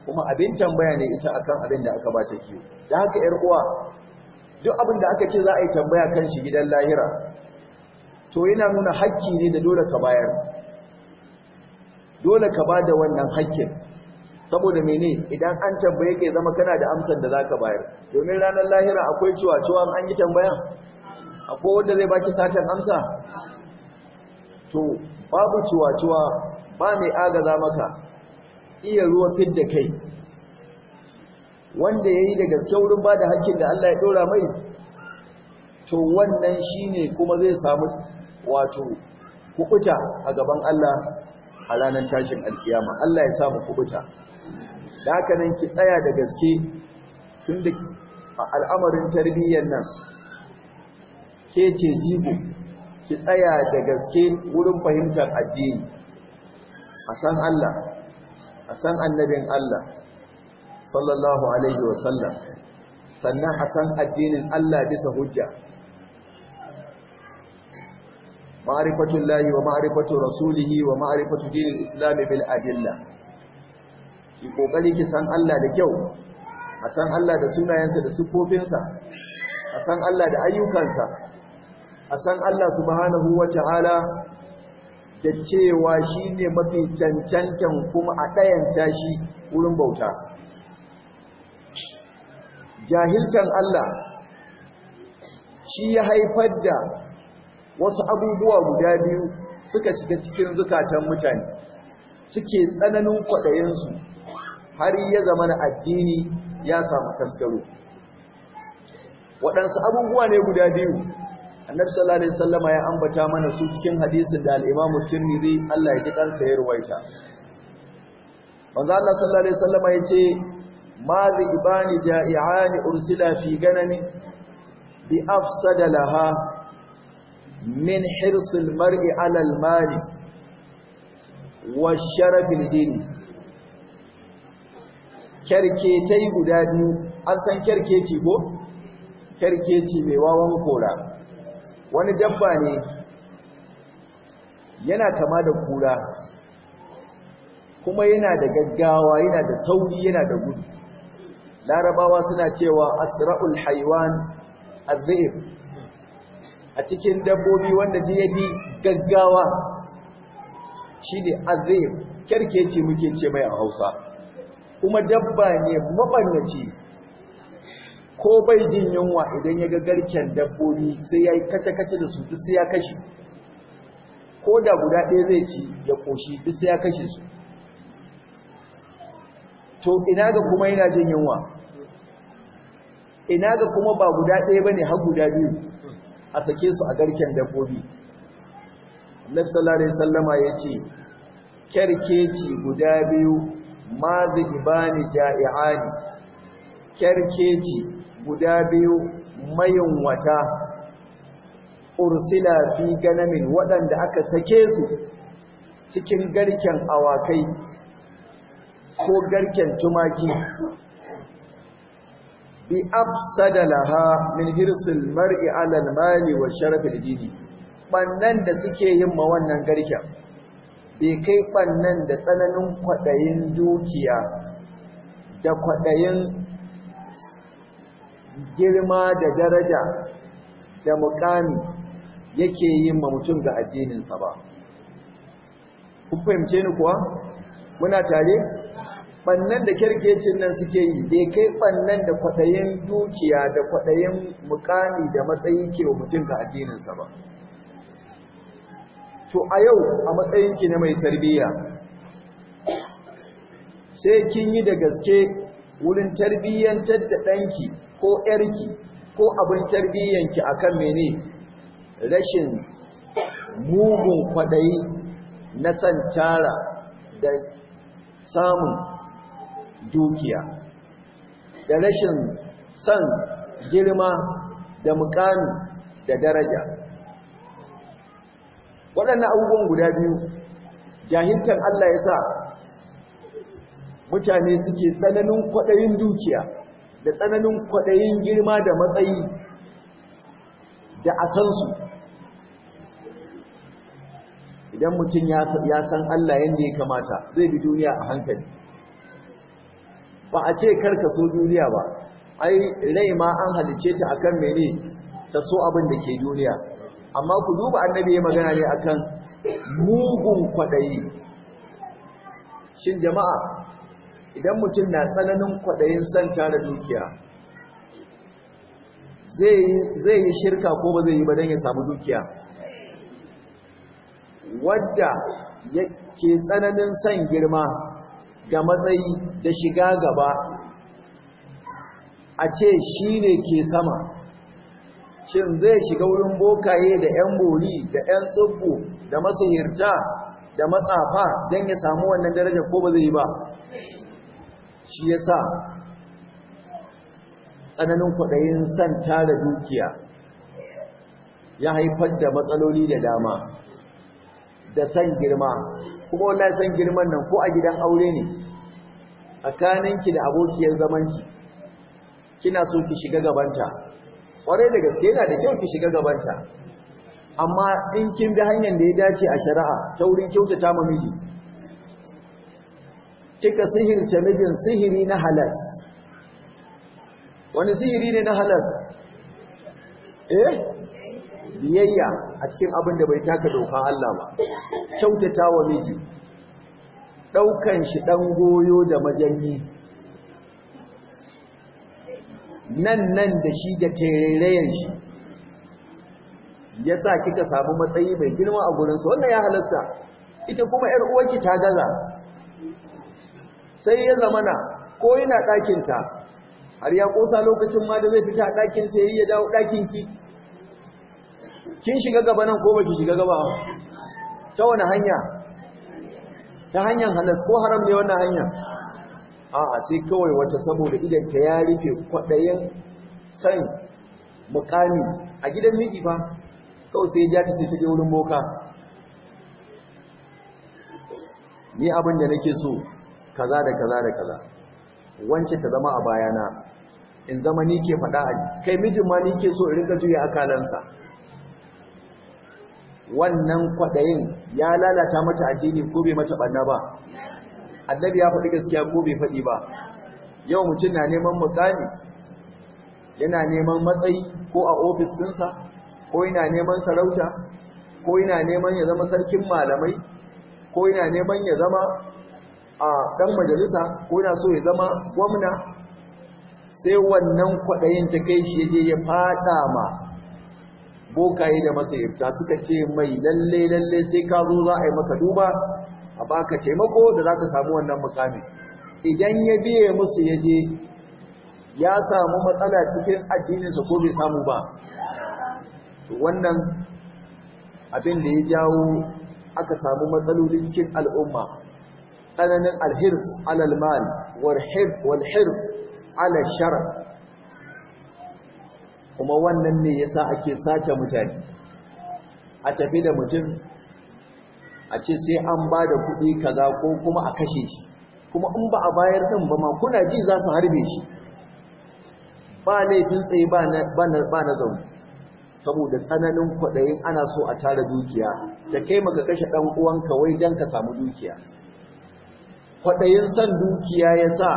kuma abin tambaya ne ita akan abin da aka bata kiwo da haka yar uwa duk abin da aka ce za a yi tambaya kan shi gidan lahira to yana nuna hakki ne da dole ka bayar dole ka ba da wannan hakkin saboda mene idan an tambaye ka zama kana da amsar da zaka bayar domin ranar lahira akwai cewa cewa an yi tambaya akwai wanda zai baki satan amsa to babu cewa cewa ba mai agaza maka iya ruwa fidda kai wanda yayi daga saurin ba da hakkin da Allah ya dora mai to wannan shine kuma zai samu wato kubuta a gaban Allah a ranar tashin alkiyama Allah ya samu kubuta da haka nan ki tsaya da gaske tun da al'amarin tarbiyyar nan ke ce jigo ki tsaya da gaske wurin fahimtar addini a san Allah a san annabin Allah sallallahu alaihi wasallam sannan a san addinin Allah bisa hujja معرفة الله ومعرفة رسوله ومعرفة دين الإسلام بالأدلة ki kokari ki san Allah da kyau a san Allah da sunayensa da sifofinsa a san Allah da ayyukansa a san Allah subhanahu wata'ala da cewa shine mafi cancantan kuma a ɗayanta shi wurin bauta jahiltan Allah shi ya haifar da wasu abubuwa guda biyu suka cika cikin zukatan mutane suke tsananin kwaɗayinsu har ya zama na addini ya samu taskaro waɗansu abubuwa ne guda biyu annabi sallallahu alaihi wasallama ya ambata mana su cikin hadisin da al-Imam Tirmidhi Allah ya ji kansa ya ruwaita manzo Allah sallallahu alaihi wasallama ce ma zi ibani ja'i'ani ursila fi ganani bi afsada laha min hirsil mar'i alal mali wa sharafil dini kerketai guda biyu an san kerkeci ko kerkeci mai wawan kora wani dabba ne yana kama da kura kuma yana da gaggawa yana da sauri yana da gudu larabawa suna cewa asra'ul haiwan azzaif a cikin dabbobi wanda da ya gaggawa shi ne azir kyarkeci muke ce mai a hausa kuma dabba ne mabannaci ko bai jin yunwa idan ya ga garken dabbobi sai ya yi kace-kace da su duk sai ya kashe ko da guda ɗaya zai ci ya ƙoshi duk sai ya kashe su to ina ga kuma yana jin yunwa ina ga kuma ba guda ɗaya ba ne har guda biyu a sake su a garken dabbobi annabi sallallahu alaihi wasallama yace kerkeci guda biyu zibani ja'iani kerkeci guda biyu mayin wata ursila fi ganamin waɗanda aka sake su cikin garken awakai ko garken tumaki bi afsada laha min hirsil mar'i ala al wa sharafil didi. bannan da suke yin ma wannan garken bai kai bannan da tsananin kwadayin dukiya da kwadayin girma da daraja da mukami yake yin ma mutum ga addininsa ba ku fahimce ni kuwa muna tare bannan da kyarkecin nan suke yi bai kai bannan da kwaɗayin dukiya da kwaɗayin mukami da matsayi ke wa mutum ga addininsa ba to a yau a matsayinki na mai tarbiyya sai kin yi da gaske wurin tarbiyyantar da ɗanki ko ‘yarki ko abin tarbiyyanki a kan mene rashin mugun kwaɗayi na san tara da samun dukiya da rashin son girma da mukami da daraja waɗannan abubuwan guda biyu jahintar Allah ya sa mutane suke tsananin kwaɗayin dukiya da tsananin kwaɗayin girma da matsayi da asansu idan mutum ya san Allah yadda ya kamata zai bi duniya a hankali ba a ce kar ka so duniya ba ai rai ma an halice ta akan mene ta so abin da ke duniya amma ku duba annabi ya magana ne akan mugun kwadayi shin jama'a idan mutum na tsananin kwadayin san tara dukiya zai yi shirka ko ba zai yi ba don ya samu dukiya wadda ke tsananin san girma da matsayi da shiga gaba a ce shi ne ke sama shin zai shiga wurin bokaye da 'yan bori da 'yan tsubbo da masahirta da matsafa don ya samu wannan daraja ko ba zai ba shi ya sa tsananin kwaɗayin san tara dukiya ya haifar da matsaloli da dama da san girma kuma wallahi san girman nan ko a gidan aure ne tsakaninki da abokiyar zamanki kina so ki shiga gabanta kwarai da gaske yana da kyau ki shiga gabanta amma in kin bi hanyar da ya dace a shari'a ta wurin kyautata ma miji kika sihirce mijin sihiri na halas wani sihiri ne na halas eh biyayya a cikin abin da bai taka doka Allah ba kyautata wa miji ɗaukan shi ɗan goyo da majanni nan nan da shi da tereyen shi yasa sa kika samu matsayi mai girma a gurin sa wannan ya halasta ita kuma ‘yar uwarki ta gaza sai ya zamana ko yana ɗakinta har ya ƙosa lokacin ma da zai fita ɗakin ce ya dawo ki kin shiga gaba nan ko baki shiga gaba ba ta wani hanya ta hanyar halas ko haram ne wannan hanya a'a sai kawai wata saboda idan ta ya rufe kwadayen san mukami a gidan miki fa kawai sai ya ta ta je wurin boka ni abin da nake so kaza da kaza da kaza wance ta zama a bayana in zama ni ke faɗa a kai mijin ma ni ke so in rika juya akalansa wannan kwaɗayin ya lalata mata addini ko bai mata ɓanna ba annabi ya faɗi gaskiya ko bai faɗi ba yau mutum na neman mukami yana neman matsayi ko a ofis ɗinsa ko yana neman sarauta ko yana neman ya zama sarkin malamai ko yana neman ya zama a ɗan majalisa ko yana so ya zama gwamna sai wannan kwaɗayin ta kai shi ya faɗa ma bokaye da masayarta suka ce mai lalle lalle sai ka zo za a yi maka duba a baka taimako da za ka samu wannan mukami idan ya biye musu ya je ya samu matsala cikin addininsa ko bai samu ba wannan abin da ya jawo aka samu matsaloli cikin al'umma tsananin alhirs alal mal wal hirs ala shar' kuma wannan ne yasa ake sace mutane a tafi da mutum a ce sai an ba da kuɗi kaza ko kuma a kashe shi kuma in ba a bayar ɗin ba ma kuna ji za su harbe shi ba laifin tsaye ba na zaune saboda tsananin kwaɗayin ana so a tara dukiya da kai maka kashe ɗan uwanka wai don ka samu dukiya kwaɗayin son dukiya ya sa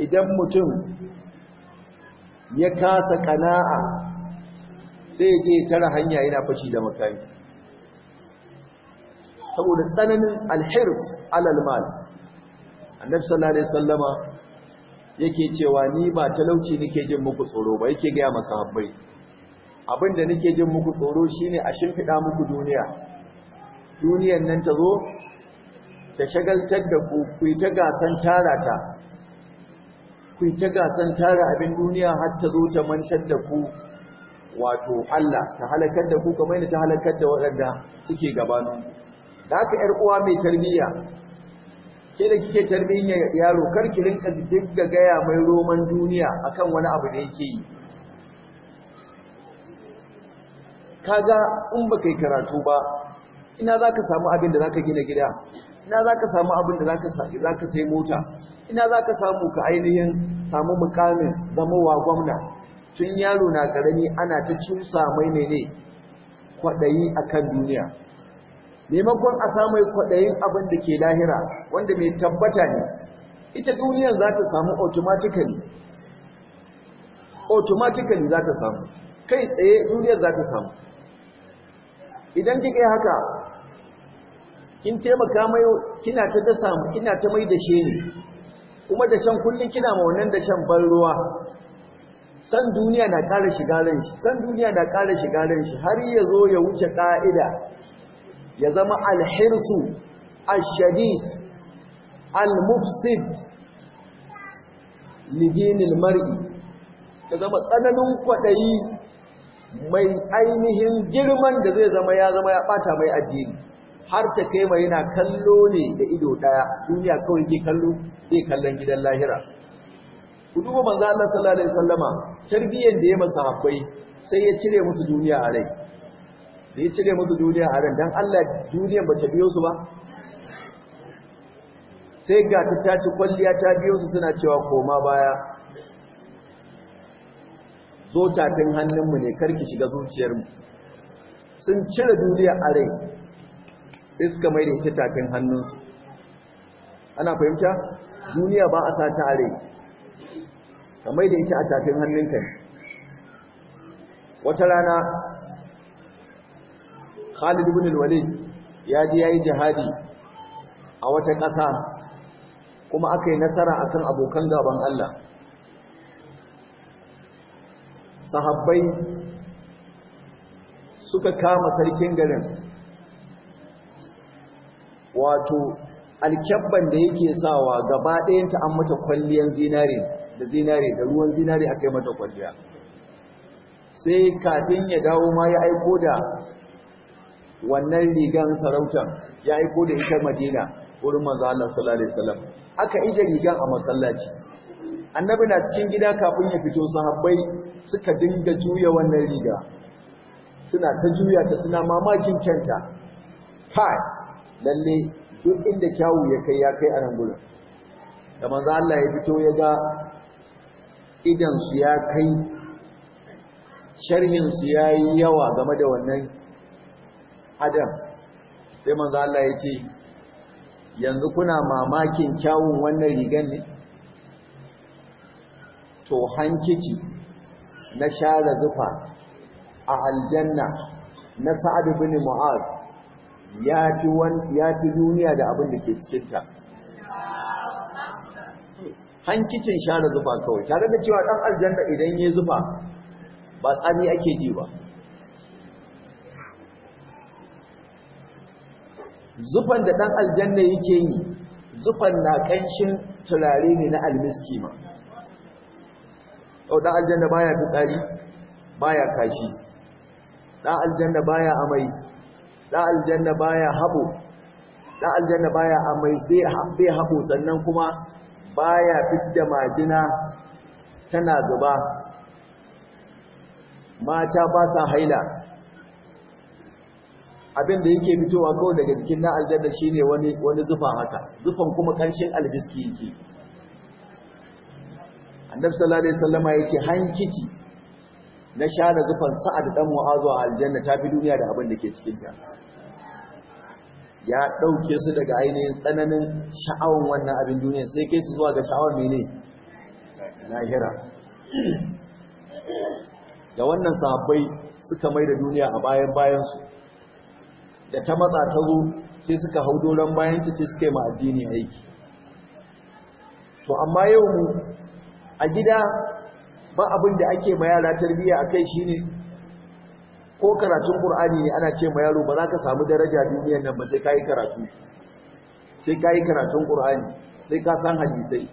idan mutum ya kasa kana'a sai je tara hanya yana fashi da makami saboda tsananin alhirs alal mal annabi sallallahu alaihi wasallama yake cewa ni ba talauci nake jin muku tsoro ba yake ga masa habbai abinda nake jin muku tsoro shine a shimfida muku duniya duniyan nan ta zo ta shagaltar da ku ku ta gasan tarata ku ta gasan tara abin duniya har ta zo ta mantar da ku wato Allah ta halakar da ku kamar yadda ta halakar da waɗanda suke gabanin da haka ƴar uwa mai tarbiyya ke da kike tarbiyyar yaro kar ki rinka dinga gaya mai roman duniya akan wani abu da yake yi kaga in baka yi karatu ba ina zaka samu abin da zaka gina gida ina za ka samu abin da za ka sai mota ina za ka samu ka ainihin samu mukamin zamowa gwamna tun yaro na karami ana ta cusa mai ne ne kwaɗayi a kan duniya maimakon a samu kwaɗayin abin da ke lahira wanda mai tabbata ne ita duniyar za ta samu automatically automatically za ta samu kai tsaye duniyar za ta samu idan kike haka kin taimaka mai kina ta dasa kina ta mai da she ne kuma da shan kullun kina ma wannan da shan ban ruwa san duniya na ƙara shiga ran shi san duniya na ƙara shiga ran shi har ya zo ya wuce ƙa'ida ya zama alhirsu al-mufsid almufsid lidinil mar'i ya zama tsananin kwaɗayi mai ainihin girman da zai zama ya zama ya ɓata mai addini har ta kai mai yana kallo ne da ido daya duniya kawai ke kallo zai kallon gidan lahira ku duba manzo Allah sallallahu alaihi wasallama tarbiyyar da ya masa hakwai sai ya cire musu duniya a rai da ya cire musu duniya a rai dan Allah duniyar ba ta biyo su ba sai ga ta tace kwalliya ta biyo su suna cewa koma baya zo tafin hannunmu ne karki shiga zuciyarmu sun cire duniya a rai sai suka mai da ita tafin hannunsu ana fahimta duniya ba a sata a rai ka mai da ita a tafin hannunka wata rana khalid ibn al-walid ya ji yayi jihadi a wata ƙasa kuma aka yi nasara akan abokan gaban Allah sahabbai suka kama sarkin garin wato alkyabban da yake sawa gaba ta an mata kwalliyan zinare da zinare da ruwan zinare aka yi mata kwalliya sai kafin ya dawo ma ya aiko da wannan rigan sarautar ya aiko da ita madina wurin manzo Allah sallallahu alaihi wasallam aka ije rigan a masallaci annabi na cikin gida kafin ya fito sahabbai suka dinga juya wannan riga suna ta juya ta suna mamakin kyanta kai lalle duk inda kyawu ya kai ya kai a nan gudun da manzo Allah ya fito ya ga idan su ya kai sharhin su yayi yawa game da wannan adam sai manzo Allah ya ce yanzu kuna mamakin kyawun wannan rigan ne to hankici na share zufa a aljanna na sa'ad bin mu'az ya fi duniya da abin da ke cikinta hankicin share zufa kawai tare da cewa ɗan aljanna idan ya zufa ba tsami ake ji ba zufan da ɗan aljanna yake yi zufan na ƙanshin turare ne na almiski ma ɗan aljanna baya fitsari baya kashi ɗan aljanna baya amai da aljanna baya habo da aljanna baya amai bai habo sannan kuma baya fidda majina tana zuba mata ba sa haila abin da yake fitowa kawai daga jikin na aljanna shine wani wani zufa haka zufan kuma karshen albiski yake annabi sallallahu alaihi wasallama yace hankici na share zufan sa'ad dan mu'azu a aljanna ta fi duniya da abin da ke cikin ta ya ɗauke su daga ainihin tsananin sha'awar wannan abin duniya sai kai su zuwa ga sha'awar mene lahira da wannan sahabbai suka mai da duniya a bayan bayan da ta matsa ta zo sai suka hau doron bayan ta sai suka yi ma addini aiki to amma yau mu a gida ba abin da ake ma yara tarbiyya a akai shine ko karatun Qur'ani ne ana ce ma yaro ba za ka samu daraja duniyar nan ba sai kai karatu sai kai karatun Qur'ani sai ka san hadisai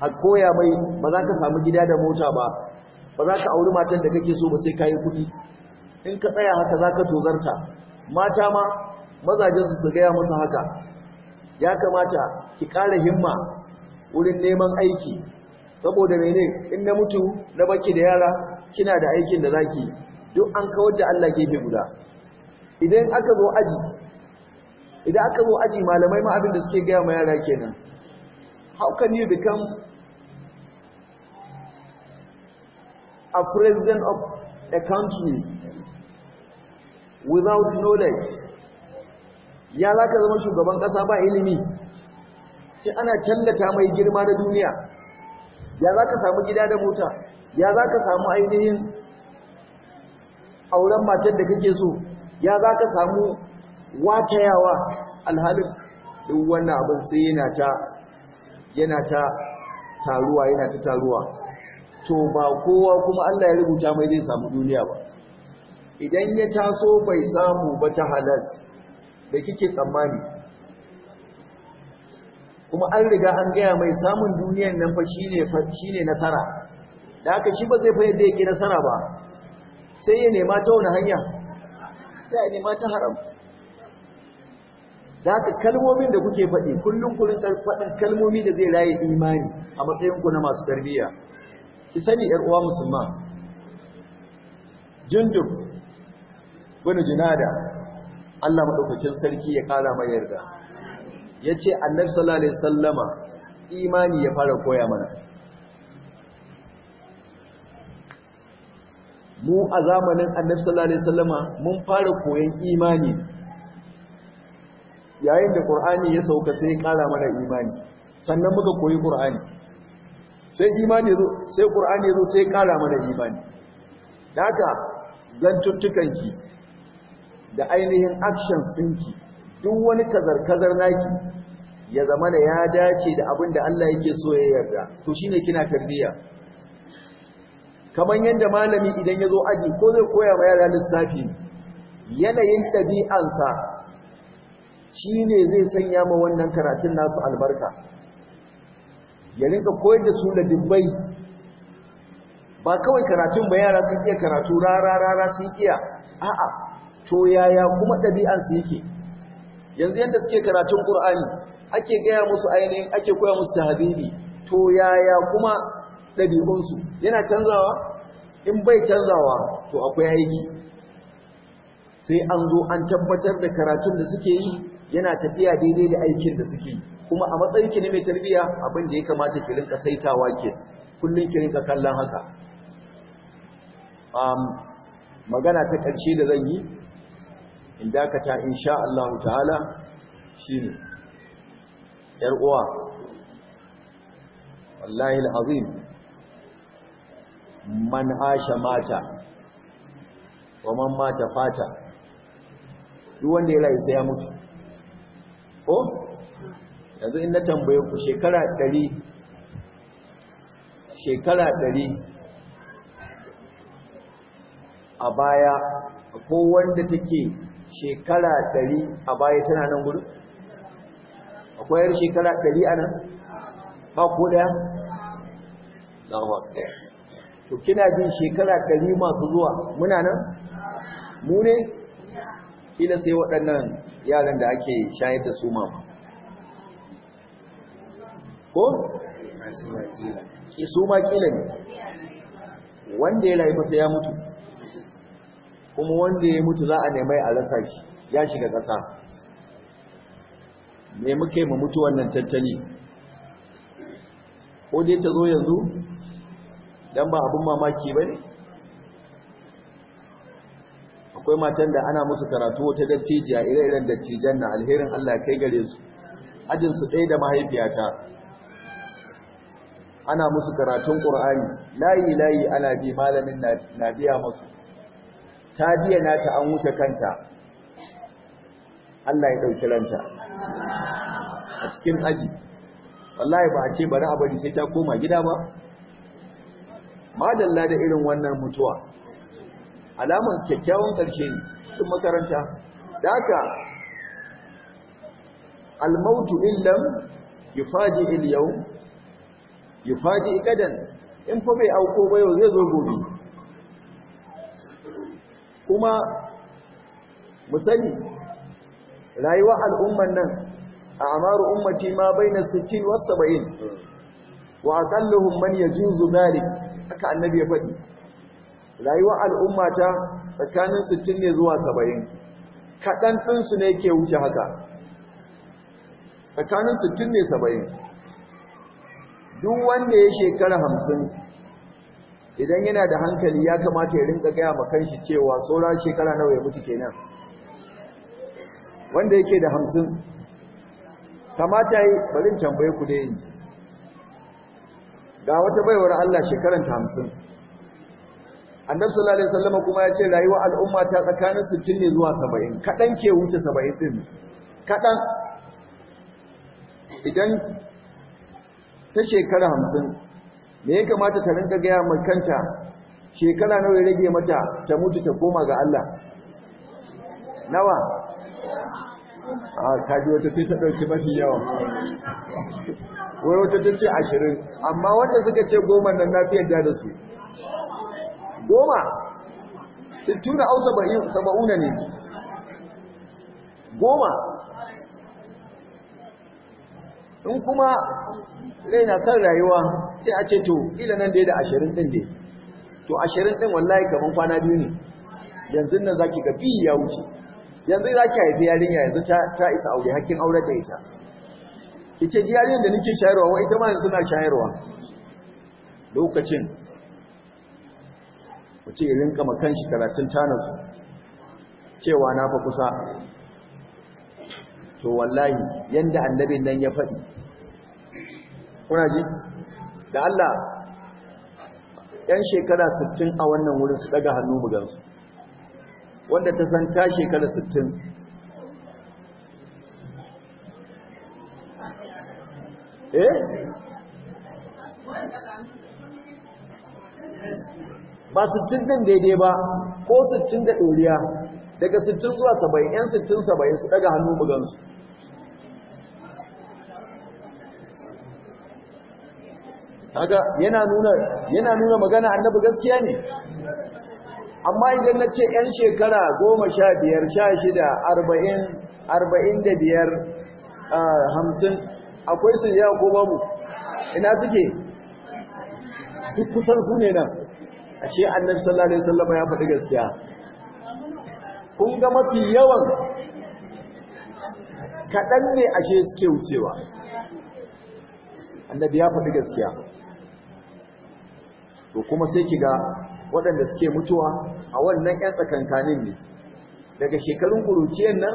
a koya mai ba za ka samu gida da mota ba ba za ka auri matan da kake so ba sai kai kuɗi in ka tsaya haka za ka tozarta mata ma mazajensu su gaya musu haka ya kamata ki ƙara himma wurin neman aiki saboda mene in na mutu na baki da yara kina da aikin da zaki duk an kawar da Allah gefe guda idan aka zo aji idan aka zo aji malamai ma abin da suke gaya ma yara kenan how can you become a president of a country without knowledge ya za zama shugaban ƙasa ba ilimi sai ana tallata mai girma na duniya ya za ka samu gida da mota ya za ka samu ainihin auren matar da kake so ya za ka samu watayawa alhalin duk wannan abin sai yana ta yana ta taruwa yana ta taruwa to ba kowa kuma Allah ya rubuta mai zai samu duniya ba idan ya taso bai samu ba ta halas da kike tsammani kuma an riga an gaya mai samun duniyan nan fa shi ne nasara da haka shi ba zai fa yadda yake nasara ba sai ya nema ta wani hanya sai ya nema ta haram da haka kalmomin da kuke faɗi kullum kullum faɗin kalmomi da zai raye imani a matsayinku na masu tarbiyya ki sani yar uwa musulma jundub bin jinada. Allah madaukakin sarki ya kara mai yarda ya ce annabi sallallahu alaihi sallama imani ya fara koya mana mu a zamanin annabi sallallahu alaihi sallama mun fara koyan imani yayin da ƙur'ani ya sauka sai ya ƙara mana imani sannan muka koyi ƙur'ani sai imani zo sai ƙur'ani zo sai ya ƙara mana imani daga zantuttukan ki da ainihin actions ɗinki duk wani kazar-kazar naki ya zama ya dace da abin da Allah yake so ya yarda to shine kina tarbiyya kamar yadda malami idan ya zo aji ko zai koya wa yara lissafi yanayin ɗabi'ansa shi ne zai sanya ma wannan karatun nasu albarka ya rinka koyar da su da dubbai ba kawai karatun ba yara sun iya karatu rara-rara sun iya a'a to yaya kuma ɗabi'ansu yake yanzu yadda suke karatun ƙur'ani ake gaya musu ainihin ake koya musu tahadidi to yaya kuma ɗabi'unsu yana canzawa in bai canzawa to akwai aiki sai an zo an tabbatar da karatun da suke yi yana tafiya daidai da aikin da suke yi kuma a matsayin ki ne mai tarbiya abin da ya kamata ki rinka saitawa ke kullum ki rinka kallon haka um magana ta ƙarshe da zan yi in dakata insha Allah ta'ala ne. yar uwa wallahi alazim man asha mata wa man mata fata duk wanda ya rayu sai ya mutu ko yanzu in na tambaye ku shekara 100 shekara 100 a baya ko wanda take shekara 100 a baya tana nan gudu? koyar shekara ɗari a nan ba ko ɗaya na to kina jin shekara ɗari masu zuwa muna nan mu kila sai waɗannan yaran da ake shayar da su mamu ko su ma kila ne wanda ya rayu ya mutu kuma wanda ya mutu za a nemai a rasa shi ya shiga ƙasa me muke mu mutu wannan tattali ko dai ta zo yanzu dan ba abin mamaki bane akwai matan da ana musu karatu wata a ire-iren dattijan na alherin Allah kai gare su ajin su ɗaya da mahaifiyata ana musu karatun Qur'ani layi layi ana bi malamin na biya musu ta biya nata an wuce kanta Allah ya ɗauki ranta a cikin aji wallahi ba a ce bari a bari sai ta koma gida ba madalla da irin wannan mutuwa Alamar kyakkyawan ƙarshe ne cikin makaranta da aka almautu illam yufaji il yau yufaji ikadan in fa bai auko ba yau zai zo gobe kuma mu sani rayuwar al'umman nan a amaru ummati ma baina 60 wa 70 wa aqalluhum man yajuzu dhalik aka annabi ya faɗi rayuwa al'umma ta tsakanin 60 ne zuwa 70 kaɗan ɗinsu ne ke wuce haka tsakanin 60 ne 70 duk wanda ya shekara 50 idan yana da hankali ya kamata ya rinka gaya ma kanshi cewa saura shekara nawa ya mutu kenan wanda yake da hamsin kamata yi barin tambaye ku da ga wata baiwar Allah shekaran ta hamsin annabi sallallahu alaihi wasallam kuma ya ce rayuwar al'umma ta tsakanin 60 ne zuwa 70 kadan ke wuce 70 din kadan idan ta shekara 50 me ya kamata ta rinka ga mai kanta shekara nawa ya rage mata ta mutu ta koma ga Allah nawa a ah, kaji wata sai ta ɗauki mafi yawa wai wata ta ce ashirin amma wanda suka ce goma nan na fi yadda da su goma sittuna au saba'una ne goma in kuma rai na son rayuwa sai a ce to ila nan da ya da ashirin ɗin dai to ashirin ɗin wallahi kamar kwana biyu ne yanzu nan za ki ga biyu ya wuce yanzu za ki haifi yarinya yanzu ta isa aure hakkin aure da ita ita ji yarinyar da nake shayarwa wa ita ma yanzu shayarwa lokacin wace rinka kan shi karatun tanar cewa na fa kusa to wallahi yanda annabin nan ya faɗi kuna ji da Allah ‘yan shekara sittin a wannan wurin su ɗaga hannu mu wanda ta san ta shekara sittin. eh ba sittin din daidai ba ko sittin da ɗoriya daga sittin zuwa saba'in, 'yan sittin saba'in su daga hannu bugansu yana nuna magana annabi gaskiya ne amma idan na ce 'yan shekara goma sha biyar sha shida arba'in arba'in da biyar hamsin akwai su ya goma mu ina suke duk kusan su ne nan ashe annabi sallallahu alaihi wasallam ya faɗi gaskiya kun ga mafi yawan kaɗan ne ashe suke wucewa annabi ya faɗi gaskiya to kuma sai ki ga waɗanda suke mutuwa a wannan 'yan tsakankanin ne daga shekarun ƙuruciyar nan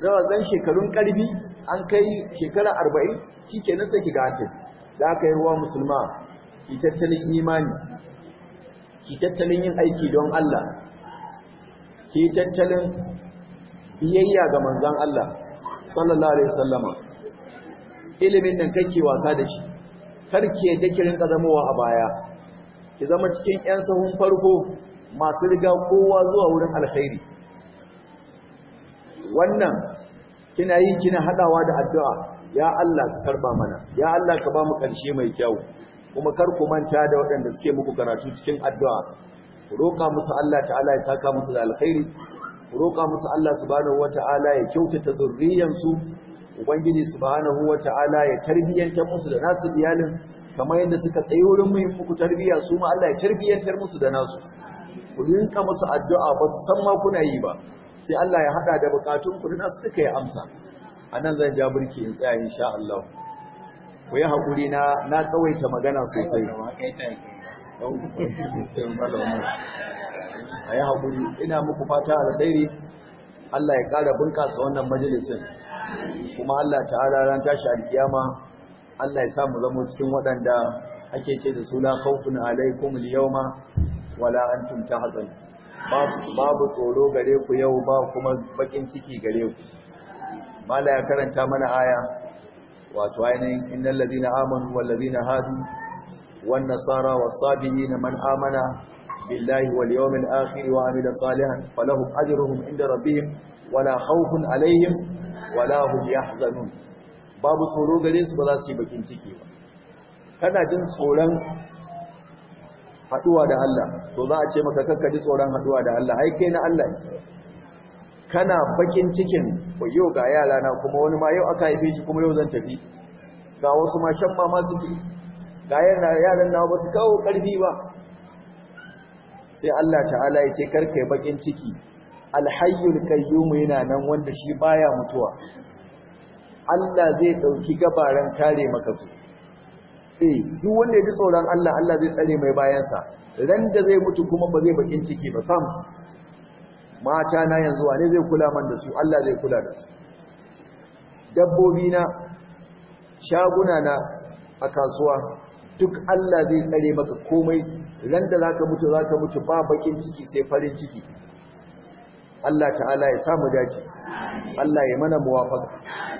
zawa zan shekarun ƙarfi an kai shekara arba'in shi ke nasa ki gatin da aka yi ruwa musulma ki tattalin imani ki tattalin yin aiki don Allah ki tattalin biyayya ga manzan Allah sallallahu alaihi wasallama ilimin nan kake wasa da shi kar ke yadda kirin a baya ki zama cikin ƴan sahun farko masu riga kowa zuwa wurin alkhairi wannan kina yi kina hadawa da addu'a ya Allah ka karba mana ya Allah ka ba mu karshe mai kyau kuma kar ku manta da waɗanda suke muku karatu cikin addu'a ku roƙa musu Allah ta'ala ya saka musu da alkhairi ku roƙa musu Allah subhanahu wata'ala ya kyautata zurriyansu ubangiji subhanahu wata'ala ya tarbiyyantar musu da nasu iyalin kamar yadda suka tsaye wurin muhimmin ku tarbiyya su ma Allah ya tarbiyyantar musu da nasu ku rinka musu addu'a ba su san ma kuna yi ba sai Allah ya hada da bukatun ku na suka yi amsa anan zan ja burki in tsaya insha Allah ku yi hakuri na na tsawaita magana sosai a yi hakuri ina muku fata alkhairi Allah ya ƙara bunƙasa wannan majalisin kuma Allah ta'ala ran tashi alkiyama Allah ya sa mu zama cikin waɗanda ake ce da su la khawfun alaikum al-yawma wala antum tahzan babu tsoro gare ku yau ba kuma bakin ciki gare ku mala ya karanta mana aya wato ainihin innal ladina amanu wal ladina hadu wan nasara was sabiina man amana billahi wal yawmil akhir wa amila salihan falahum ajruhum inda rabbihim wala khawfun alaihim wala hum yahzanun babu tsoro gare su ba za su yi bakin ciki ba kana jin tsoron haduwa da Allah to za a ce maka kakka ji tsoron haduwa da Allah ai kai na Allah kana bakin cikin ko yau ga yara na kuma wani ma yau aka haife shi kuma yau zan tafi ga wasu ma shan ma ke. ga yaran na ba su kawo karfi ba sai Allah ta'ala ya ce karka yi bakin ciki alhayyul qayyum yana nan wanda shi baya mutuwa Allah zai ɗauki gabaran kare maka su eh duk wanda ya ji tsoron Allah Allah zai tsare mai bayansa ran da zai mutu kuma ba zai bakin ciki ba sam mata na yanzu wane zai kula man da su Allah zai kula da su dabbobi na shaguna na a kasuwa duk Allah zai tsare maka komai ran da ka mutu za ka mutu ba bakin ciki sai farin ciki Allah ta'ala ya samu daji. Allah ya mana muwafaka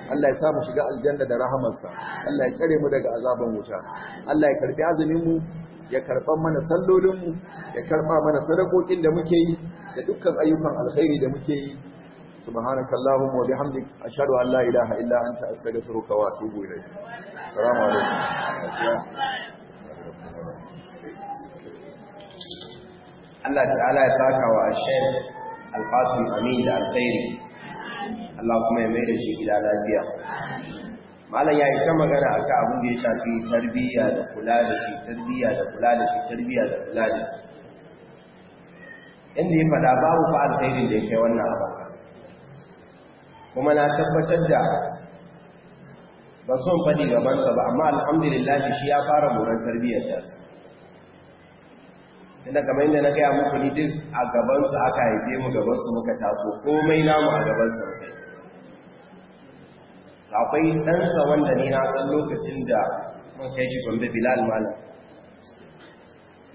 Allah ya samu shiga aljanna da rahamarsa Allah ya tsare mu daga azaban wuta Allah ya karbi azumin mu ya karban mana sallolin mu ya karba mana sadakokin da muke yi da dukkan ayyukan alkhairi da muke yi subhanakallahumma wa bihamdik ashhadu an la ilaha illa anta astaghfiruka wa atubu ilayk assalamu alaikum Allah ta'ala ya saka wa Sheikh Al-Qasim Amin da alkhairi Allah kuma ya mai da shi gida lafiya malam ya yi ta magana a ka abin da ya shafi tarbiyya da kula da shi tarbiyya da kula da shi tarbiyya da kula da shi inda ya faɗa babu fa alkhairin da ya kai wannan abin kuma na tabbatar da ba son faɗi gabansa ba amma alhamdulillah shi ya fara moran tarbiyyar tasa tunda kamar yadda na gaya muku ni duk a gabansu aka haife mu gabansu muka taso komai namu a gabansu muka yi akwai ɗansa wanda ni na san lokacin da mun kai shi gombe bilal mana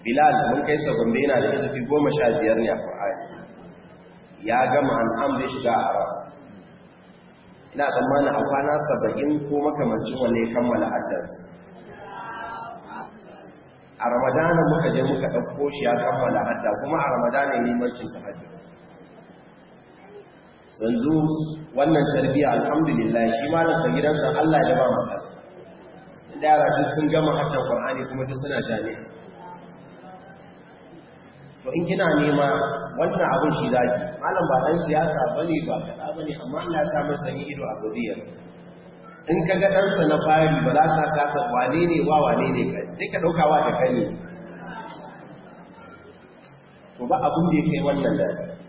bilal mun kai sa gombe yana da izufi goma sha biyar ne a ƙwa'ari ya gama an amri shiga a ra ina tsammanin a kwana saba'in ko makamancin wanne kammala haddarsa a ramadana muka je muka ɗauko shi ya kammala hadda kuma a ramadana ne mancin ta yanzu wannan tarbiya alhamdulillah shi malam ta gidansa Allah ya ba mu yara duk sun gama hatta Qur'ani kuma duk suna jami'a to in kina nema wannan abin shi zaki malam ba dan siyasa bane ba kada bane amma Allah ta masa sanin ido a zuriyar in ka ga ɗansa na fari ba za ka kasa wane ne wa wane ne kai sai ka ɗaukawa da kai ne to ba abin da ya kai wannan da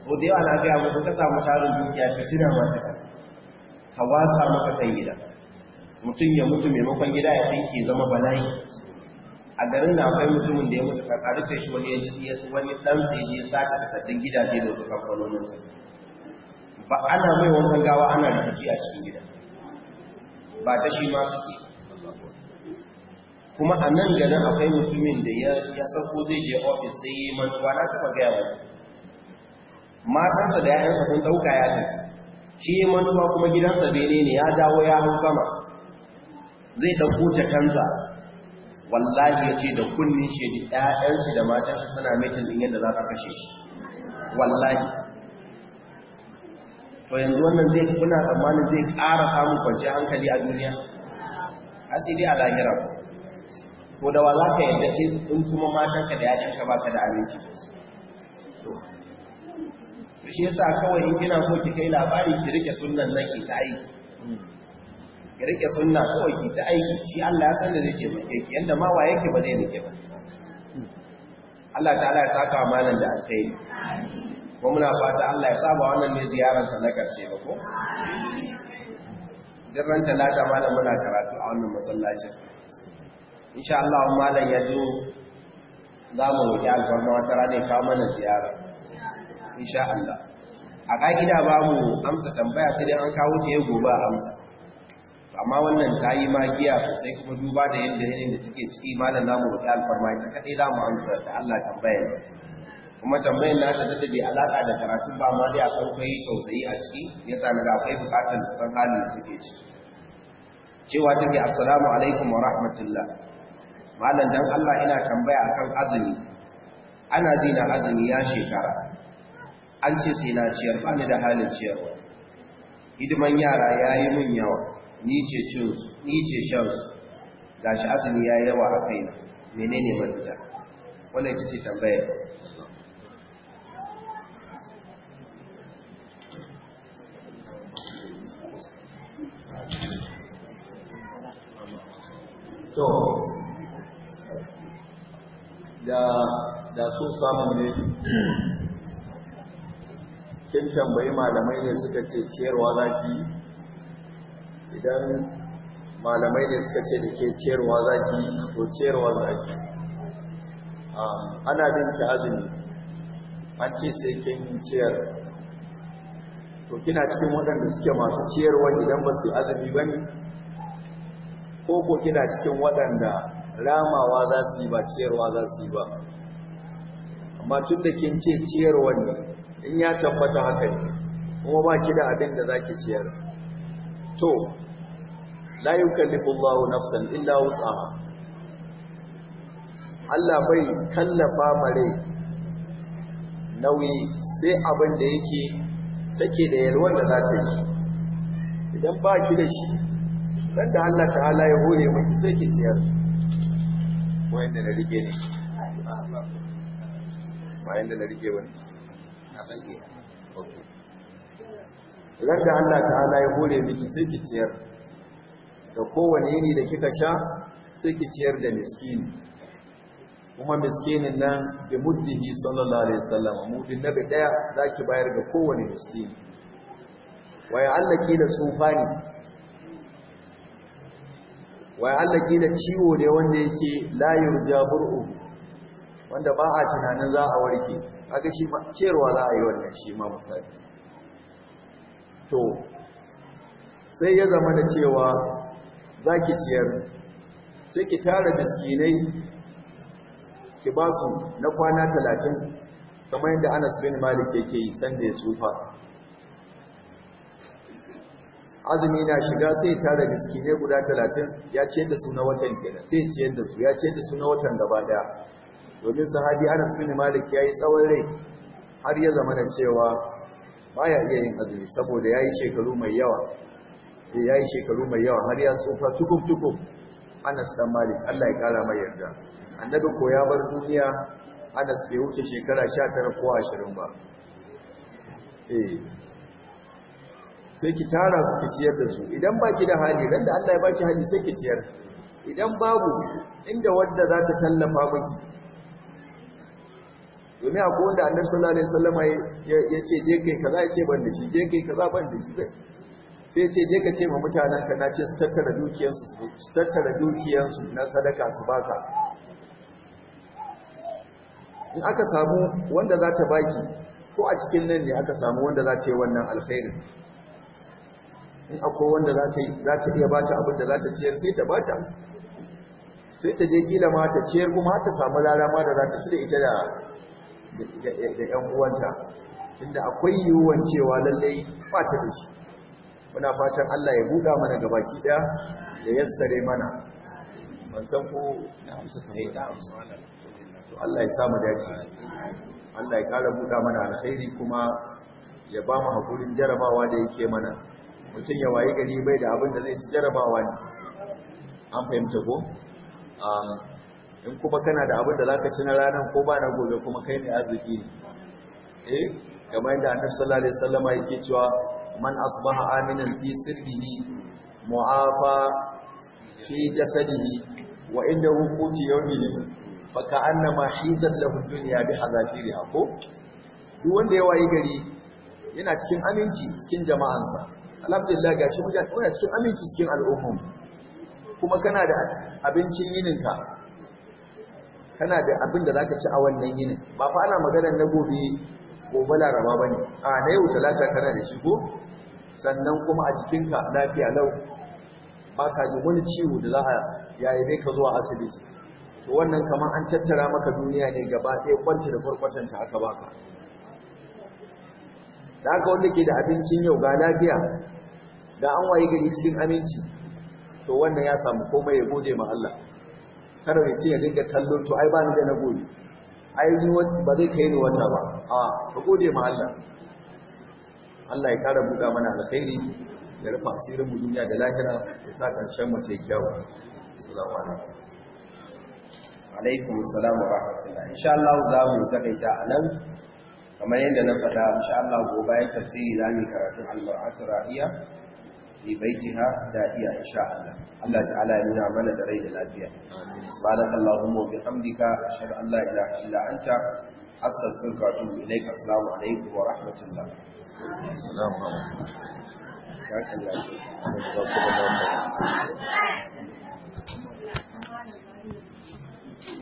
ko da yawa gaya muku ka samu tarin dukiya ka sina mata ka watsa maka kan gida mutum ya mutu maimakon gida ya tsinke zama bala'i a garin na akwai mutumin da ya mutu a rufe shi wani ya ji wani ɗan sai ya sace takardun gidaje da wasu kamfanonin sa ba ana mai wankan gawa ana rikici a cikin gida ba ta shi ma suke kuma a nan garin akwai mutumin da ya sauko zai je ofis sai yi mantuwa na taba gaya mai matansa da ‘ya'yansa sun ɗauka ya ce shi manuwa kuma gidansa bene ne ya dawo ya hau sama zai ɗauko jakansa wallahi ya ce da kunni shi da ‘ya'yansu da matansa suna mitin ɗin yadda za su kashe shi wallahi to yanzu wannan zai kuna tsammanin zai ƙara samun kwanci hankali a duniya asiri a lahira ko da wa za ka yadda in kuma matanka da ‘ya'yanka ba ka da aminci so shi yasa kawai in kina so ki kai labari ki rike sunnan nake ta aiki ki rike sunna kawai ki ta aiki shi Allah ya san da zai ce ki yanda ma wa yake ba zai nake ba Allah ta'ala ya saka malam da alkai ko muna fata Allah ya saba wannan ne ziyaran sa na karshe ba ko duk ran talata malam muna karatu a wannan masallacin insha Allah malam ya zo za mu roki alfarma wata rana ya kawo mana ziyara insha Allah a ka'ida ba mu amsa tambaya sai dai an kawo ta ya gobe a amsa amma wannan ta yi magiya sai kuma duba da yadda yanayin da take ciki malam namu da alfarma ita kadai za mu amsa da Allah tambayar kuma tambayar na ta dade alaƙa alaka da karatun ba ma dai akwai tausayi a ciki ya na da akwai bukatar san halin da take ciki cewa take assalamu alaikum wa rahmatullah malam dan Allah ina tambaya akan azumi ana dina azumi ya shekara an ce sai na ciyar ba ni da halin ciyarwa hidiman yara ya yi mun yawa ni ce cinsu ni ce shansu ga shi azumi ya yi yawa a kai na menene manta wannan ita ce tambayar to da da so samun ne kin tambayi malamai ne suka ce ciyarwa za ki idan malamai ne suka ce da ke ciyarwa za ki to ciyarwa za ki ana bin ta azumi an ce sai kin ciyar to kina cikin waɗanda suke masu ciyarwa idan ba su azumi ba ne ko ko kina cikin waɗanda ramawa za su yi ba ciyarwa za su yi ba amma tun da kin ce ciyarwa ne in ya tabbata haka ne kuma ba ki da abin da zaki ciyar to la yukallifu Allahu nafsan illa wus'aha Allah bai kallafa mare nauyi sai abin da yake take da yalwar da za ta yi idan ba ki da shi dan da Allah ta'ala ya hore miki sai ki ciyar wayanda na rike ne bayan da na rike wani Idan da Allah ta'ala ya hore miki sai ki ciyar da kowane yini da kika sha sai ki ciyar da miskini kuma miskinin nan bi muddihi sallallahu alaihi wasallam mudin nabi daya zaki bayar ga kowane miskini wa ya'allaki da sufani wa ya'allaki da ciwo ne wanda yake la yurja bur'u wanda ba a tunanin za a warke kaga shi cewa za a yi wannan shi ma misali to sai ya zama da cewa za ki ciyar sai ki tara miskinai ki ba su na kwana talatin kamar yadda anas bin malik yake yi sanda ya tsufa azumi na shiga sai tara miskinai guda talatin ya ciyar da su na watan kenan sai ciyar da su ya ciyar da su na watan gaba daya domin sahabi Anas bin Malik ya yi tsawon rai har ya zama da cewa baya iya yin azumi saboda ya yi shekaru mai yawa eh, ya yi shekaru mai yawa har ya tsufa tukuk tukub Anas dan Malik Allah ya kara mai yarda annabi ko ya bar duniya Anas bai wuce shekara sha tara ko ashirin ba eh, sai ki tara su ki ciyar da su idan baki da hali dan da Allah ya baki hali sai ki ciyar idan babu inda wadda za ta tallafa miki domin akwai wanda annabi sallallahu alaihi wasallam ya ce je kai kaza ya ce ban da shi je kai kaza ban da shi sai ce je ka ce ma mutanen ka na ce su tattara dukiyansu su tattara dukiyansu na sadaka su baka in aka samu wanda za ta baki ko a cikin nan ne aka samu wanda za ta yi wannan alkhairin in akwai wanda za ta iya bata abin da za ta ciyar sai ta bata sai ta je gila ma ta ciyar kuma ta samu lalama da za ta ci da ita da da ‘yan uwanta inda akwai yiwuwan cewa lallai fata da shi muna fatan Allah ya buɗa mana baki ɗaya da yassare mana ban san ko na amsa ta da to Allah ya samu dace Allah ya kara buɗa mana alkhairi kuma ya ba mu hakurin jarabawa da yake mana mutum ya waye gari bai da abin da zai ci jarabawa ne an fahimta ko um, in kuma kana da abin da za ka ci na ranar ko ba na gobe kuma kai ne arziki ne eh kamar yadda annabi sallallahu alaihi wasallam yake cewa man asbaha aminan fi sirrihi mu'afa fi jasadihi wa inda hukuti yawmihi fa ka'annama hizat lahu dunya bi hazafiriha ko duk wanda ya wayi gari yana cikin aminci cikin jama'ansa alhamdulillah gashi yana cikin aminci cikin al'ummu kuma kana da abincin yininka kana da abin da zaka ci a wannan yini ba fa ana maganar na gobe gobe laraba bane a na yau talata kana da shigo sannan kuma a jikinka lafiya lau ba ka ji wani ciwo da za a yayi ne ka zuwa asibiti to wannan kamar an tattara maka duniya ne gaba ɗaya kwanci da ta aka baka da haka wanda ke da abincin yau ga lafiya da an waye gari cikin aminci to wannan ya samu komai ya gode ma Allah kada mutum ya dinga kallo to ai ba ni da na gode ai ni ba zai kai ni wata ba a ka gode ma Allah Allah ya kara buga mana alkhairi ya rufa asirin mu duniya da lahira ya sa karshen mu ce kyawu assalamu alaikum alaikum assalamu wa rahmatullah insha Allah za mu takaita a nan kamar yadda na faɗa insha Allah gobe bayan tafsiri zamu karatun al quran rahiya fi ha, da iya insha Allah Allah ta'ala ya nuna mana da rai da lafiya subhanakallahumma wa bihamdika ashhadu an la ilaha illa anta astaghfiruka wa atubu ilaik assalamu alaikum wa rahmatullah assalamu alaikum ya